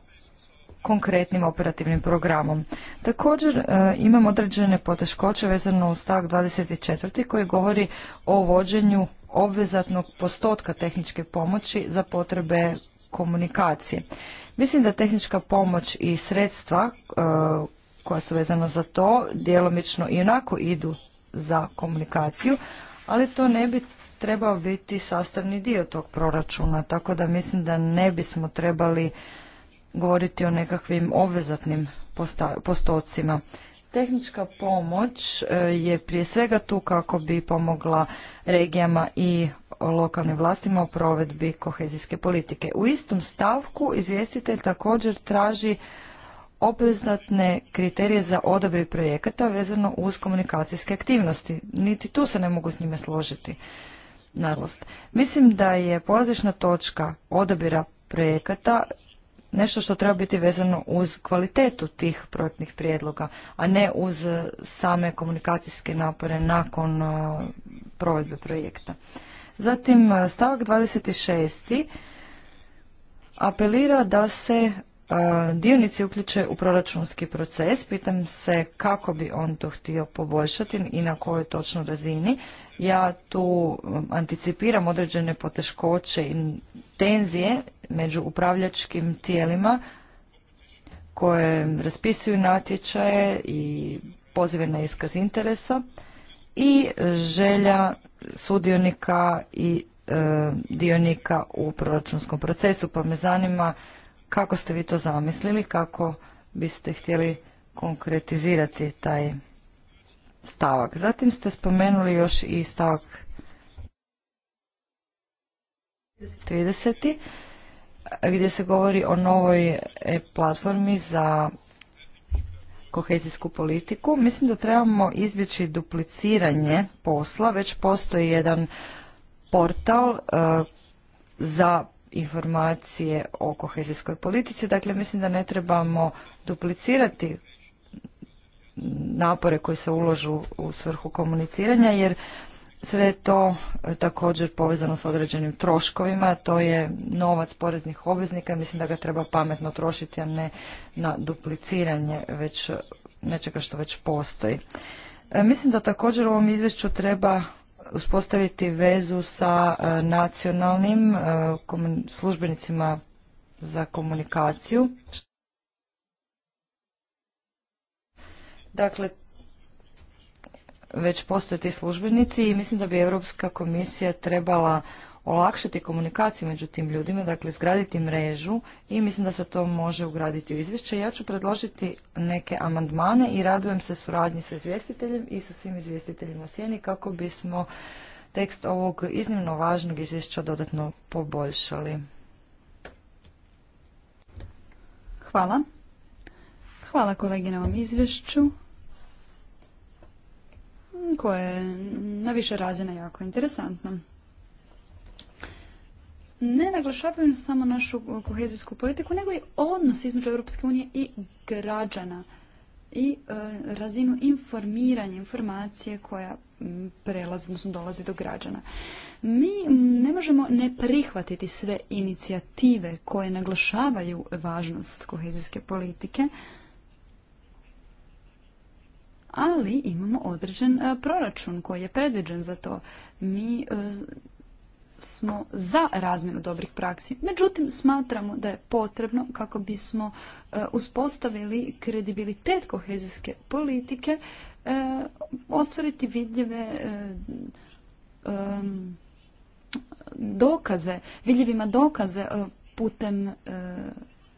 konkretnim operativnim programom. Također e, imam određene poteškoće vezano u stavak 24. koji govori o vođenju obvezatnog postotka tehničke pomoći za potrebe komunikacije. Mislim da tehnička pomoć i sredstva e, koja su vezana za to djelomično i onako idu za komunikaciju, ali to ne bi trebao biti sastavni dio tog proračuna, tako da mislim da ne bismo trebali govoriti o nekakvim obvezatnim postocima. Tehnička pomoć e, je prije svega tu kako bi pomogla regijama i lokalnim vlastima u provedbi kohezijske politike. U istom stavku izvjestitelj također traži obvezatne kriterije za odabir projekata vezano uz komunikacijske aktivnosti. Niti tu se ne mogu s njime složiti. Nažalost. Mislim da je polazišna točka odabira projekata nešto što treba biti vezano uz kvalitetu tih projektnih prijedloga, a ne uz e, same komunikacijske napore nakon e, provedbe projekta. Zatim e, stavak 26. apelira da se dionici uključe u proračunski proces. Pitam se kako bi on to htio poboljšati i na kojoj točno razini. Ja tu anticipiram određene poteškoće i tenzije među upravljačkim tijelima koje raspisuju natječaje i pozive na iskaz interesa i želja sudionika i e, dionika u proračunskom procesu. Pa me zanima kako ste vi to zamislili, kako biste htjeli konkretizirati taj stavak. Zatim ste spomenuli još i stavak 30 gdje se govori o novoj e, platformi za kohezijsku politiku. Mislim da trebamo izbjeći dupliciranje posla. Već postoji jedan portal e, za informacije o kohezijskoj politici. Dakle, mislim da ne trebamo duplicirati napore koji se uložu u svrhu komuniciranja, jer sve je to e, također povezano s određenim troškovima, to je novac poreznih obveznika, mislim da ga treba pametno trošiti, a ne na dupliciranje već e, nečega što već postoji. E, mislim da također u ovom izvješću treba uspostaviti vezu sa nacionalnim službenicima za komunikaciju. Dakle, već postoje ti službenici i mislim da bi Europska komisija trebala olakšati komunikaciju među tim ljudima, dakle izgraditi mrežu i mislim da se to može ugraditi u izvješće. Ja ću predložiti neke amandmane i radujem se suradnji sa izvjestiteljem i sa svim izvjestiteljima u sjeni kako bismo tekst ovog iznimno važnog izvješća dodatno poboljšali. Hvala. Hvala kolegi na ovom izvješću koje je na više razina jako interesantno. Ne naglašavaju samo našu kohezijsku politiku, nego i odnos između Europske unije i građana i e, razinu informiranja, informacije koja prelazi, odnosno dolazi do građana. Mi ne možemo ne prihvatiti sve inicijative koje naglašavaju važnost kohezijske politike, ali imamo određen e, proračun koji je predviđen za to. Mi e, smo za razmjenu dobrih praksi. Međutim, smatramo da je potrebno kako bismo e, uspostavili kredibilitet kohezijske politike, ostvariti vidljive dokaze, vidljivima dokaze putem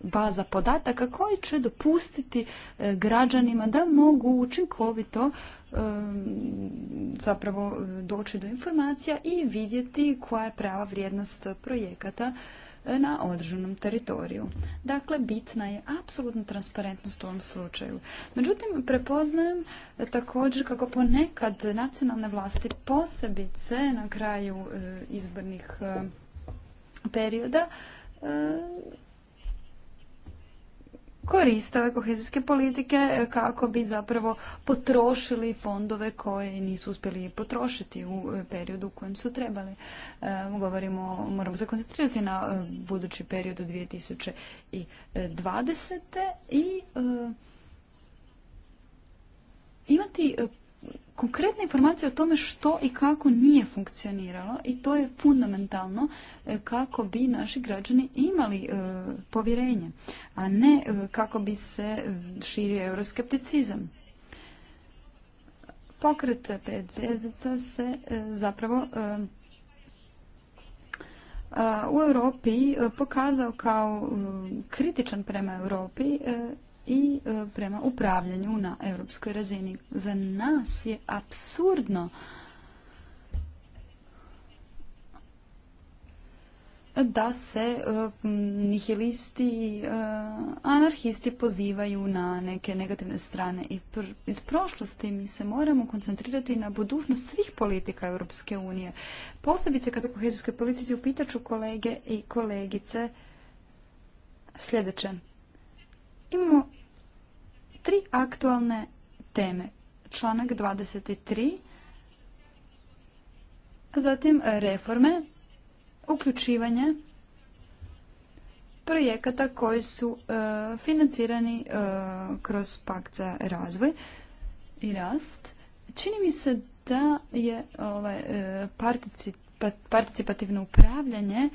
baza podataka koji će dopustiti e, građanima da mogu učinkovito e, zapravo e, doći do informacija i vidjeti koja je prava vrijednost projekata na određenom teritoriju. Dakle, bitna je apsolutna transparentnost u ovom slučaju. Međutim, prepoznajem također kako ponekad nacionalne vlasti posebice na kraju izbornih perioda koriste ove kohezijske politike e, kako bi zapravo potrošili fondove koje nisu uspjeli potrošiti u e, periodu u kojem su trebali. E, govorimo, moramo se koncentrirati na budući period od 2020. i imati konkretne informacije o tome što i kako nije funkcioniralo i to je fundamentalno e, kako bi naši građani imali e, povjerenje, a ne e, kako bi se širio euroskepticizam. Pokret pet se zapravo u Europi pokazao kao kritičan prema Europi i e, prema upravljanju na europskoj razini. Za nas je apsurdno da se e, nihilisti, e, anarhisti pozivaju na neke negativne strane i iz prošlosti mi se moramo koncentrirati na budućnost svih politika Europske unije. Posebice kada kohezijskoj politici upitaču kolege i kolegice sljedeće. Imamo tri aktualne teme. Članak 23, zatim reforme, uključivanje projekata koji su e, financirani e, kroz pakt za razvoj i rast. Čini mi se da je ovaj, e, participativno upravljanje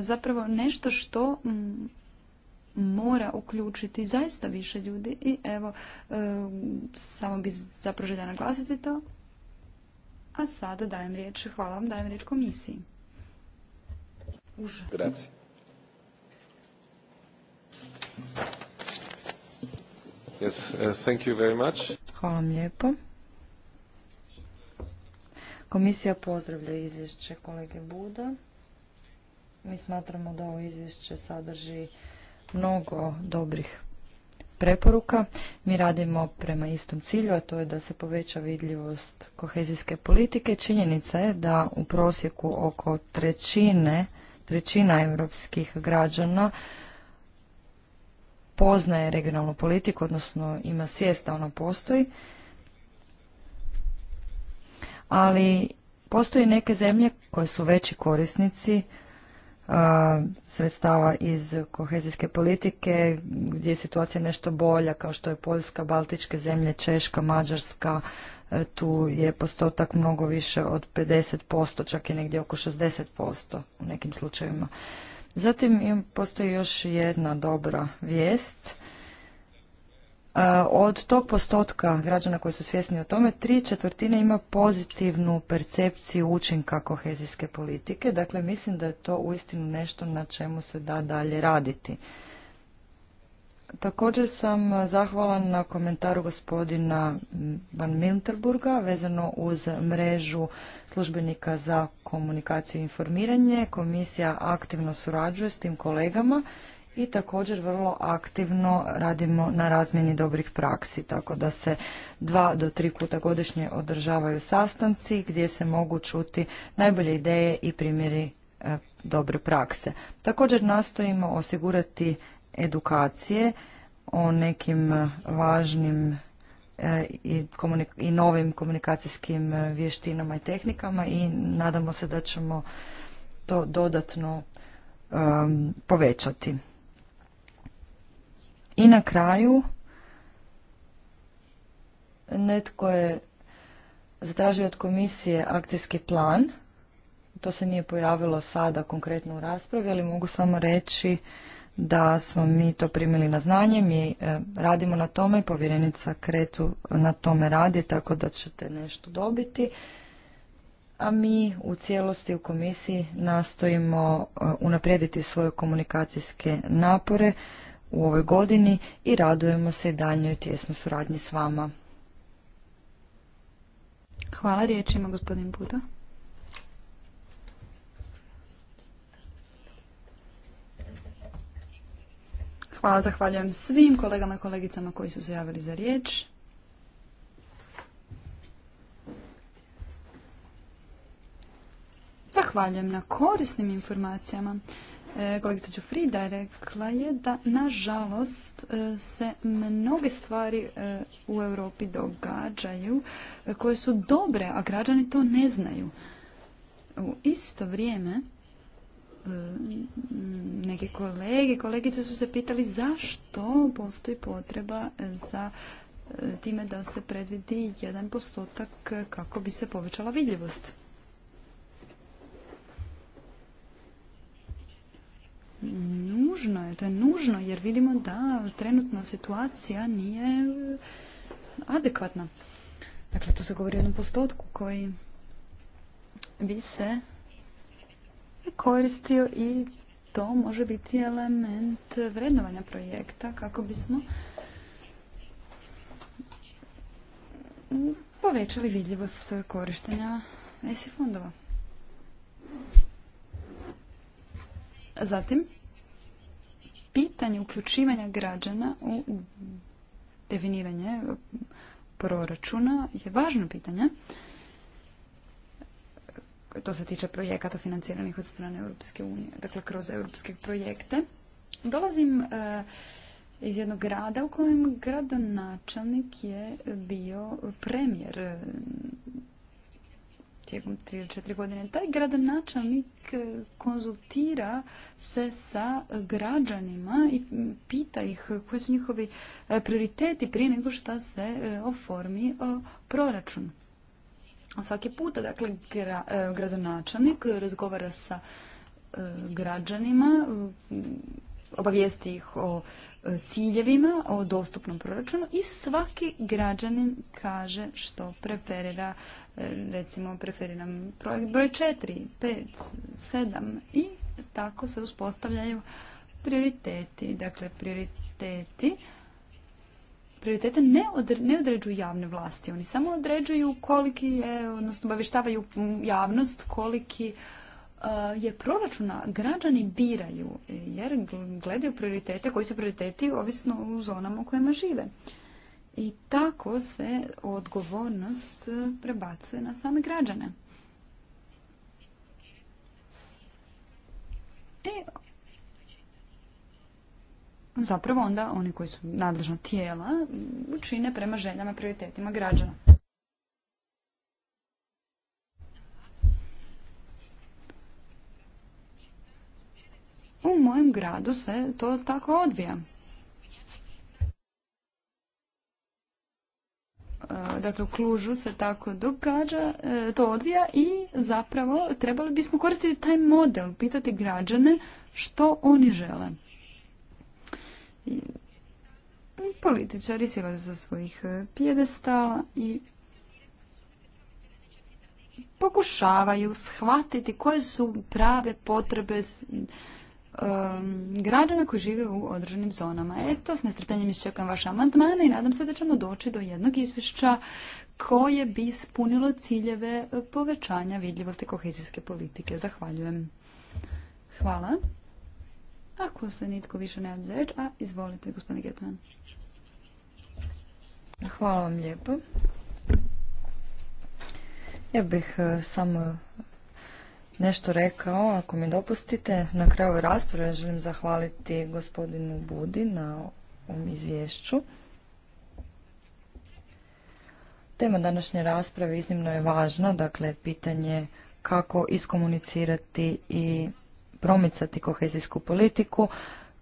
zapravo nešto što mora uključiti zaista više ljudi i evo, samo bi zapravo željela naglasiti to. A sada dajem riječ, hvala vam, dajem riječ komisiji. Uža. Grazie. Yes, uh, thank you very much. Hvala vam lijepo. Komisija pozdravlja izvješće kolege Buda. Mi smatramo da ovo izvješće sadrži mnogo dobrih preporuka. Mi radimo prema istom cilju, a to je da se poveća vidljivost kohezijske politike. Činjenica je da u prosjeku oko trećine, trećina europskih građana poznaje regionalnu politiku, odnosno ima svijest da ona postoji. Ali postoji neke zemlje koje su veći korisnici sredstava iz kohezijske politike gdje je situacija nešto bolja kao što je Poljska, Baltičke zemlje, Češka, Mađarska, e, tu je postotak mnogo više od 50%, čak i negdje oko 60% u nekim slučajevima. Zatim postoji još jedna dobra vijest. E, od tog postotka građana koji su svjesni o tome, tri četvrtine ima pozitivnu percepciju učinka kohezijske politike. Dakle, mislim da je to uistinu nešto na čemu se da dalje raditi. Također sam zahvalan na komentaru gospodina Van Milterburga vezano uz mrežu službenika za komunikaciju i informiranje. Komisija aktivno surađuje s tim kolegama i također vrlo aktivno radimo na razmjeni dobrih praksi, tako da se dva do tri puta godišnje održavaju sastanci gdje se mogu čuti najbolje ideje i primjeri e, dobre prakse. Također nastojimo osigurati edukacije o nekim važnim e, i, i novim komunikacijskim vještinama i tehnikama i nadamo se da ćemo to dodatno e, povećati. I na kraju netko je zatražio od komisije akcijski plan. To se nije pojavilo sada konkretno u raspravi, ali mogu samo reći da smo mi to primili na znanje, mi e, radimo na tome povjerenica Kretu na tome radi, tako da ćete nešto dobiti. A mi u cijelosti u komisiji nastojimo e, unaprijediti svoje komunikacijske napore u ovoj godini i radujemo se daljnjoj tjesnoj suradnji s vama. Hvala, riječ ima gospodin Buda. Hvala, zahvaljujem svim kolegama i kolegicama koji su se javili za riječ. Zahvaljujem na korisnim informacijama. E, kolegica Čufrida rekla je da nažalost e, se mnoge stvari e, u Europi događaju koje su dobre, a građani to ne znaju. U isto vrijeme neke kolege, kolegice su se pitali zašto postoji potreba za time da se predvidi jedan postotak kako bi se povećala vidljivost. nužno je, to je nužno jer vidimo da trenutna situacija nije adekvatna. Dakle, tu se govori o jednom postotku koji bi se koristio i to može biti element vrednovanja projekta kako bismo povećali vidljivost korištenja ESI fondova. Zatim, pitanje uključivanja građana u definiranje proračuna je važno pitanje. To se tiče projekata financiranih od strane Europske unije, dakle kroz europske projekte. Dolazim eh, iz jednog grada u kojem gradonačelnik je bio premijer tijekom tri ili četiri godine, taj gradonačelnik e, konzultira se sa građanima i pita ih koji su njihovi e, prioriteti prije nego što se e, oformi proračun. Svaki puta, dakle, gradonačelnik razgovara sa građanima, obavijesti ih o e, ciljevima, o dostupnom proračunu i svaki građanin kaže što preferira, e, recimo preferiram projekt broj 4, 5, 7 i tako se uspostavljaju prioriteti. Dakle, prioriteti prioritete ne, odre, ne određuju javne vlasti, oni samo određuju koliki je, odnosno obavještavaju javnost koliki je proračuna. Građani biraju jer gledaju prioritete koji su prioriteti ovisno u zonama u kojima žive. I tako se odgovornost prebacuje na same građane. zapravo onda oni koji su nadležna tijela učine prema željama, prioritetima građana. U mojem gradu se to tako odvija. E, dakle u Klužu se tako događa, e, to odvija i zapravo trebali bismo koristiti taj model, pitati građane što oni žele. Političari silaze sa svojih e, pjedestala i pokušavaju shvatiti koje su prave potrebe Um, građana koji žive u određenim zonama. Eto, s nestrpljenjem iščekam vaše amandmane i nadam se da ćemo doći do jednog izvješća koje bi ispunilo ciljeve povećanja vidljivosti kohezijske politike. Zahvaljujem. Hvala. Ako se nitko više ne za a izvolite, gospodine Getman. Hvala vam lijepo. Ja bih eh, samo nešto rekao, ako mi dopustite. Na kraju rasprave želim zahvaliti gospodinu Budi na ovom izvješću. Tema današnje rasprave iznimno je važna, dakle pitanje kako iskomunicirati i promicati kohezijsku politiku,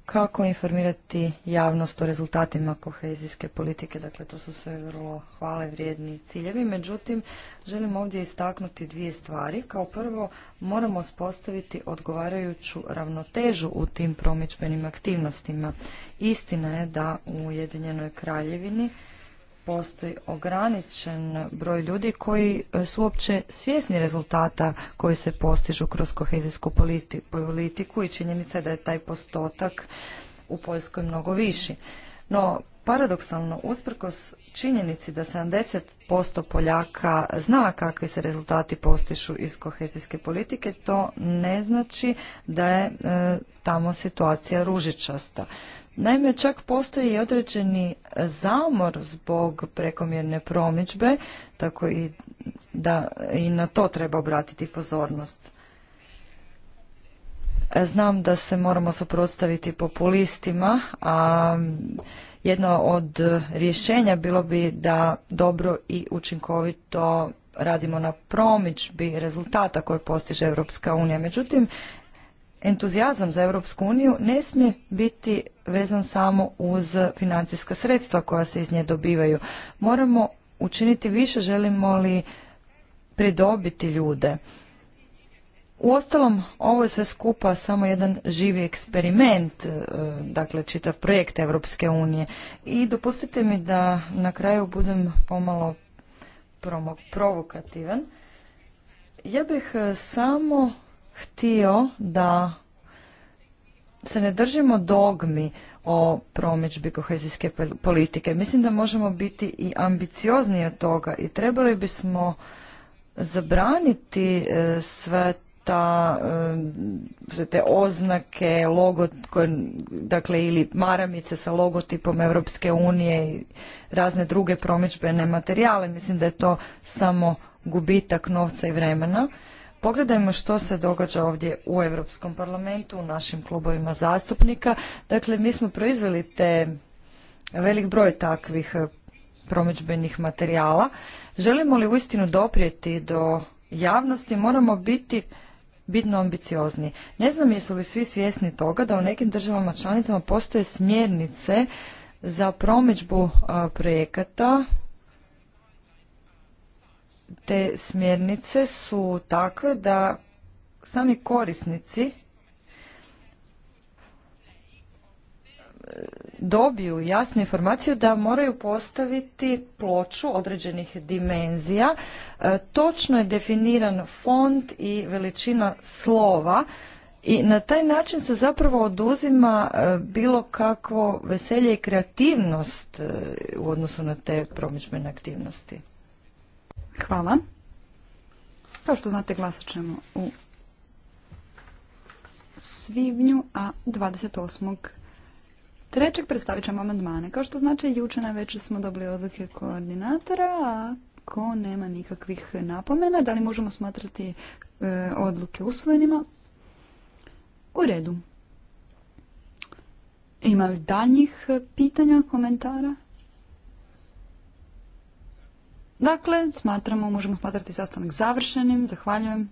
kako informirati javnost o rezultatima kohezijske politike. Dakle, to su sve vrlo hvale vrijedni ciljevi. Međutim, želim ovdje istaknuti dvije stvari. Kao prvo, moramo spostaviti odgovarajuću ravnotežu u tim promičbenim aktivnostima. Istina je da u Ujedinjenoj kraljevini postoji ograničen broj ljudi koji e, su uopće svjesni rezultata koji se postižu kroz kohezijsku politiku i činjenica je da je taj postotak u Poljskoj mnogo viši. No, paradoksalno, usprkos činjenici da 70% Poljaka zna kakvi se rezultati postižu iz kohezijske politike, to ne znači da je e, tamo situacija ružičasta. Naime, čak postoji i određeni zamor zbog prekomjerne promičbe, tako i da i na to treba obratiti pozornost. Znam da se moramo suprotstaviti populistima, a jedno od rješenja bilo bi da dobro i učinkovito radimo na promičbi rezultata koje postiže Europska unija. Međutim, entuzijazam za Europsku uniju ne smije biti vezan samo uz financijska sredstva koja se iz nje dobivaju. Moramo učiniti više, želimo li pridobiti ljude. Uostalom, ovo je sve skupa samo jedan živi eksperiment, e, dakle čitav projekt Europske unije. I dopustite mi da na kraju budem pomalo provokativan. Ja bih e, samo htio da se ne držimo dogmi o promičbi kohezijske politike. Mislim da možemo biti i ambiciozniji od toga i trebali bismo zabraniti e, sve ta, e, sve te oznake, logo, dakle ili maramice sa logotipom Europske unije i razne druge promičbene materijale. Mislim da je to samo gubitak novca i vremena. Pogledajmo što se događa ovdje u Europskom parlamentu, u našim klubovima zastupnika. Dakle, mi smo proizveli te velik broj takvih eh, promidžbenih materijala. Želimo li uistinu doprijeti do javnosti, moramo biti bitno ambiciozni. Ne znam jesu li svi svjesni toga da u nekim državama članicama postoje smjernice za promidžbu eh, projekata te smjernice su takve da sami korisnici e, dobiju jasnu informaciju da moraju postaviti ploču određenih dimenzija. E, točno je definiran font i veličina slova i na taj način se zapravo oduzima e, bilo kakvo veselje i kreativnost u odnosu na te promičbene aktivnosti. Hvala. Kao što znate glasat ćemo u svibnju, a 28. Trećeg predstavit ćemo amandmane. Kao što znači, juče na večer smo dobili odluke koordinatora, a ako nema nikakvih napomena, da li možemo smatrati odluke odluke usvojenima? U redu. Ima li daljnjih pitanja, komentara? Dakle, smatramo, možemo smatrati sastanak završenim. Zahvaljujem.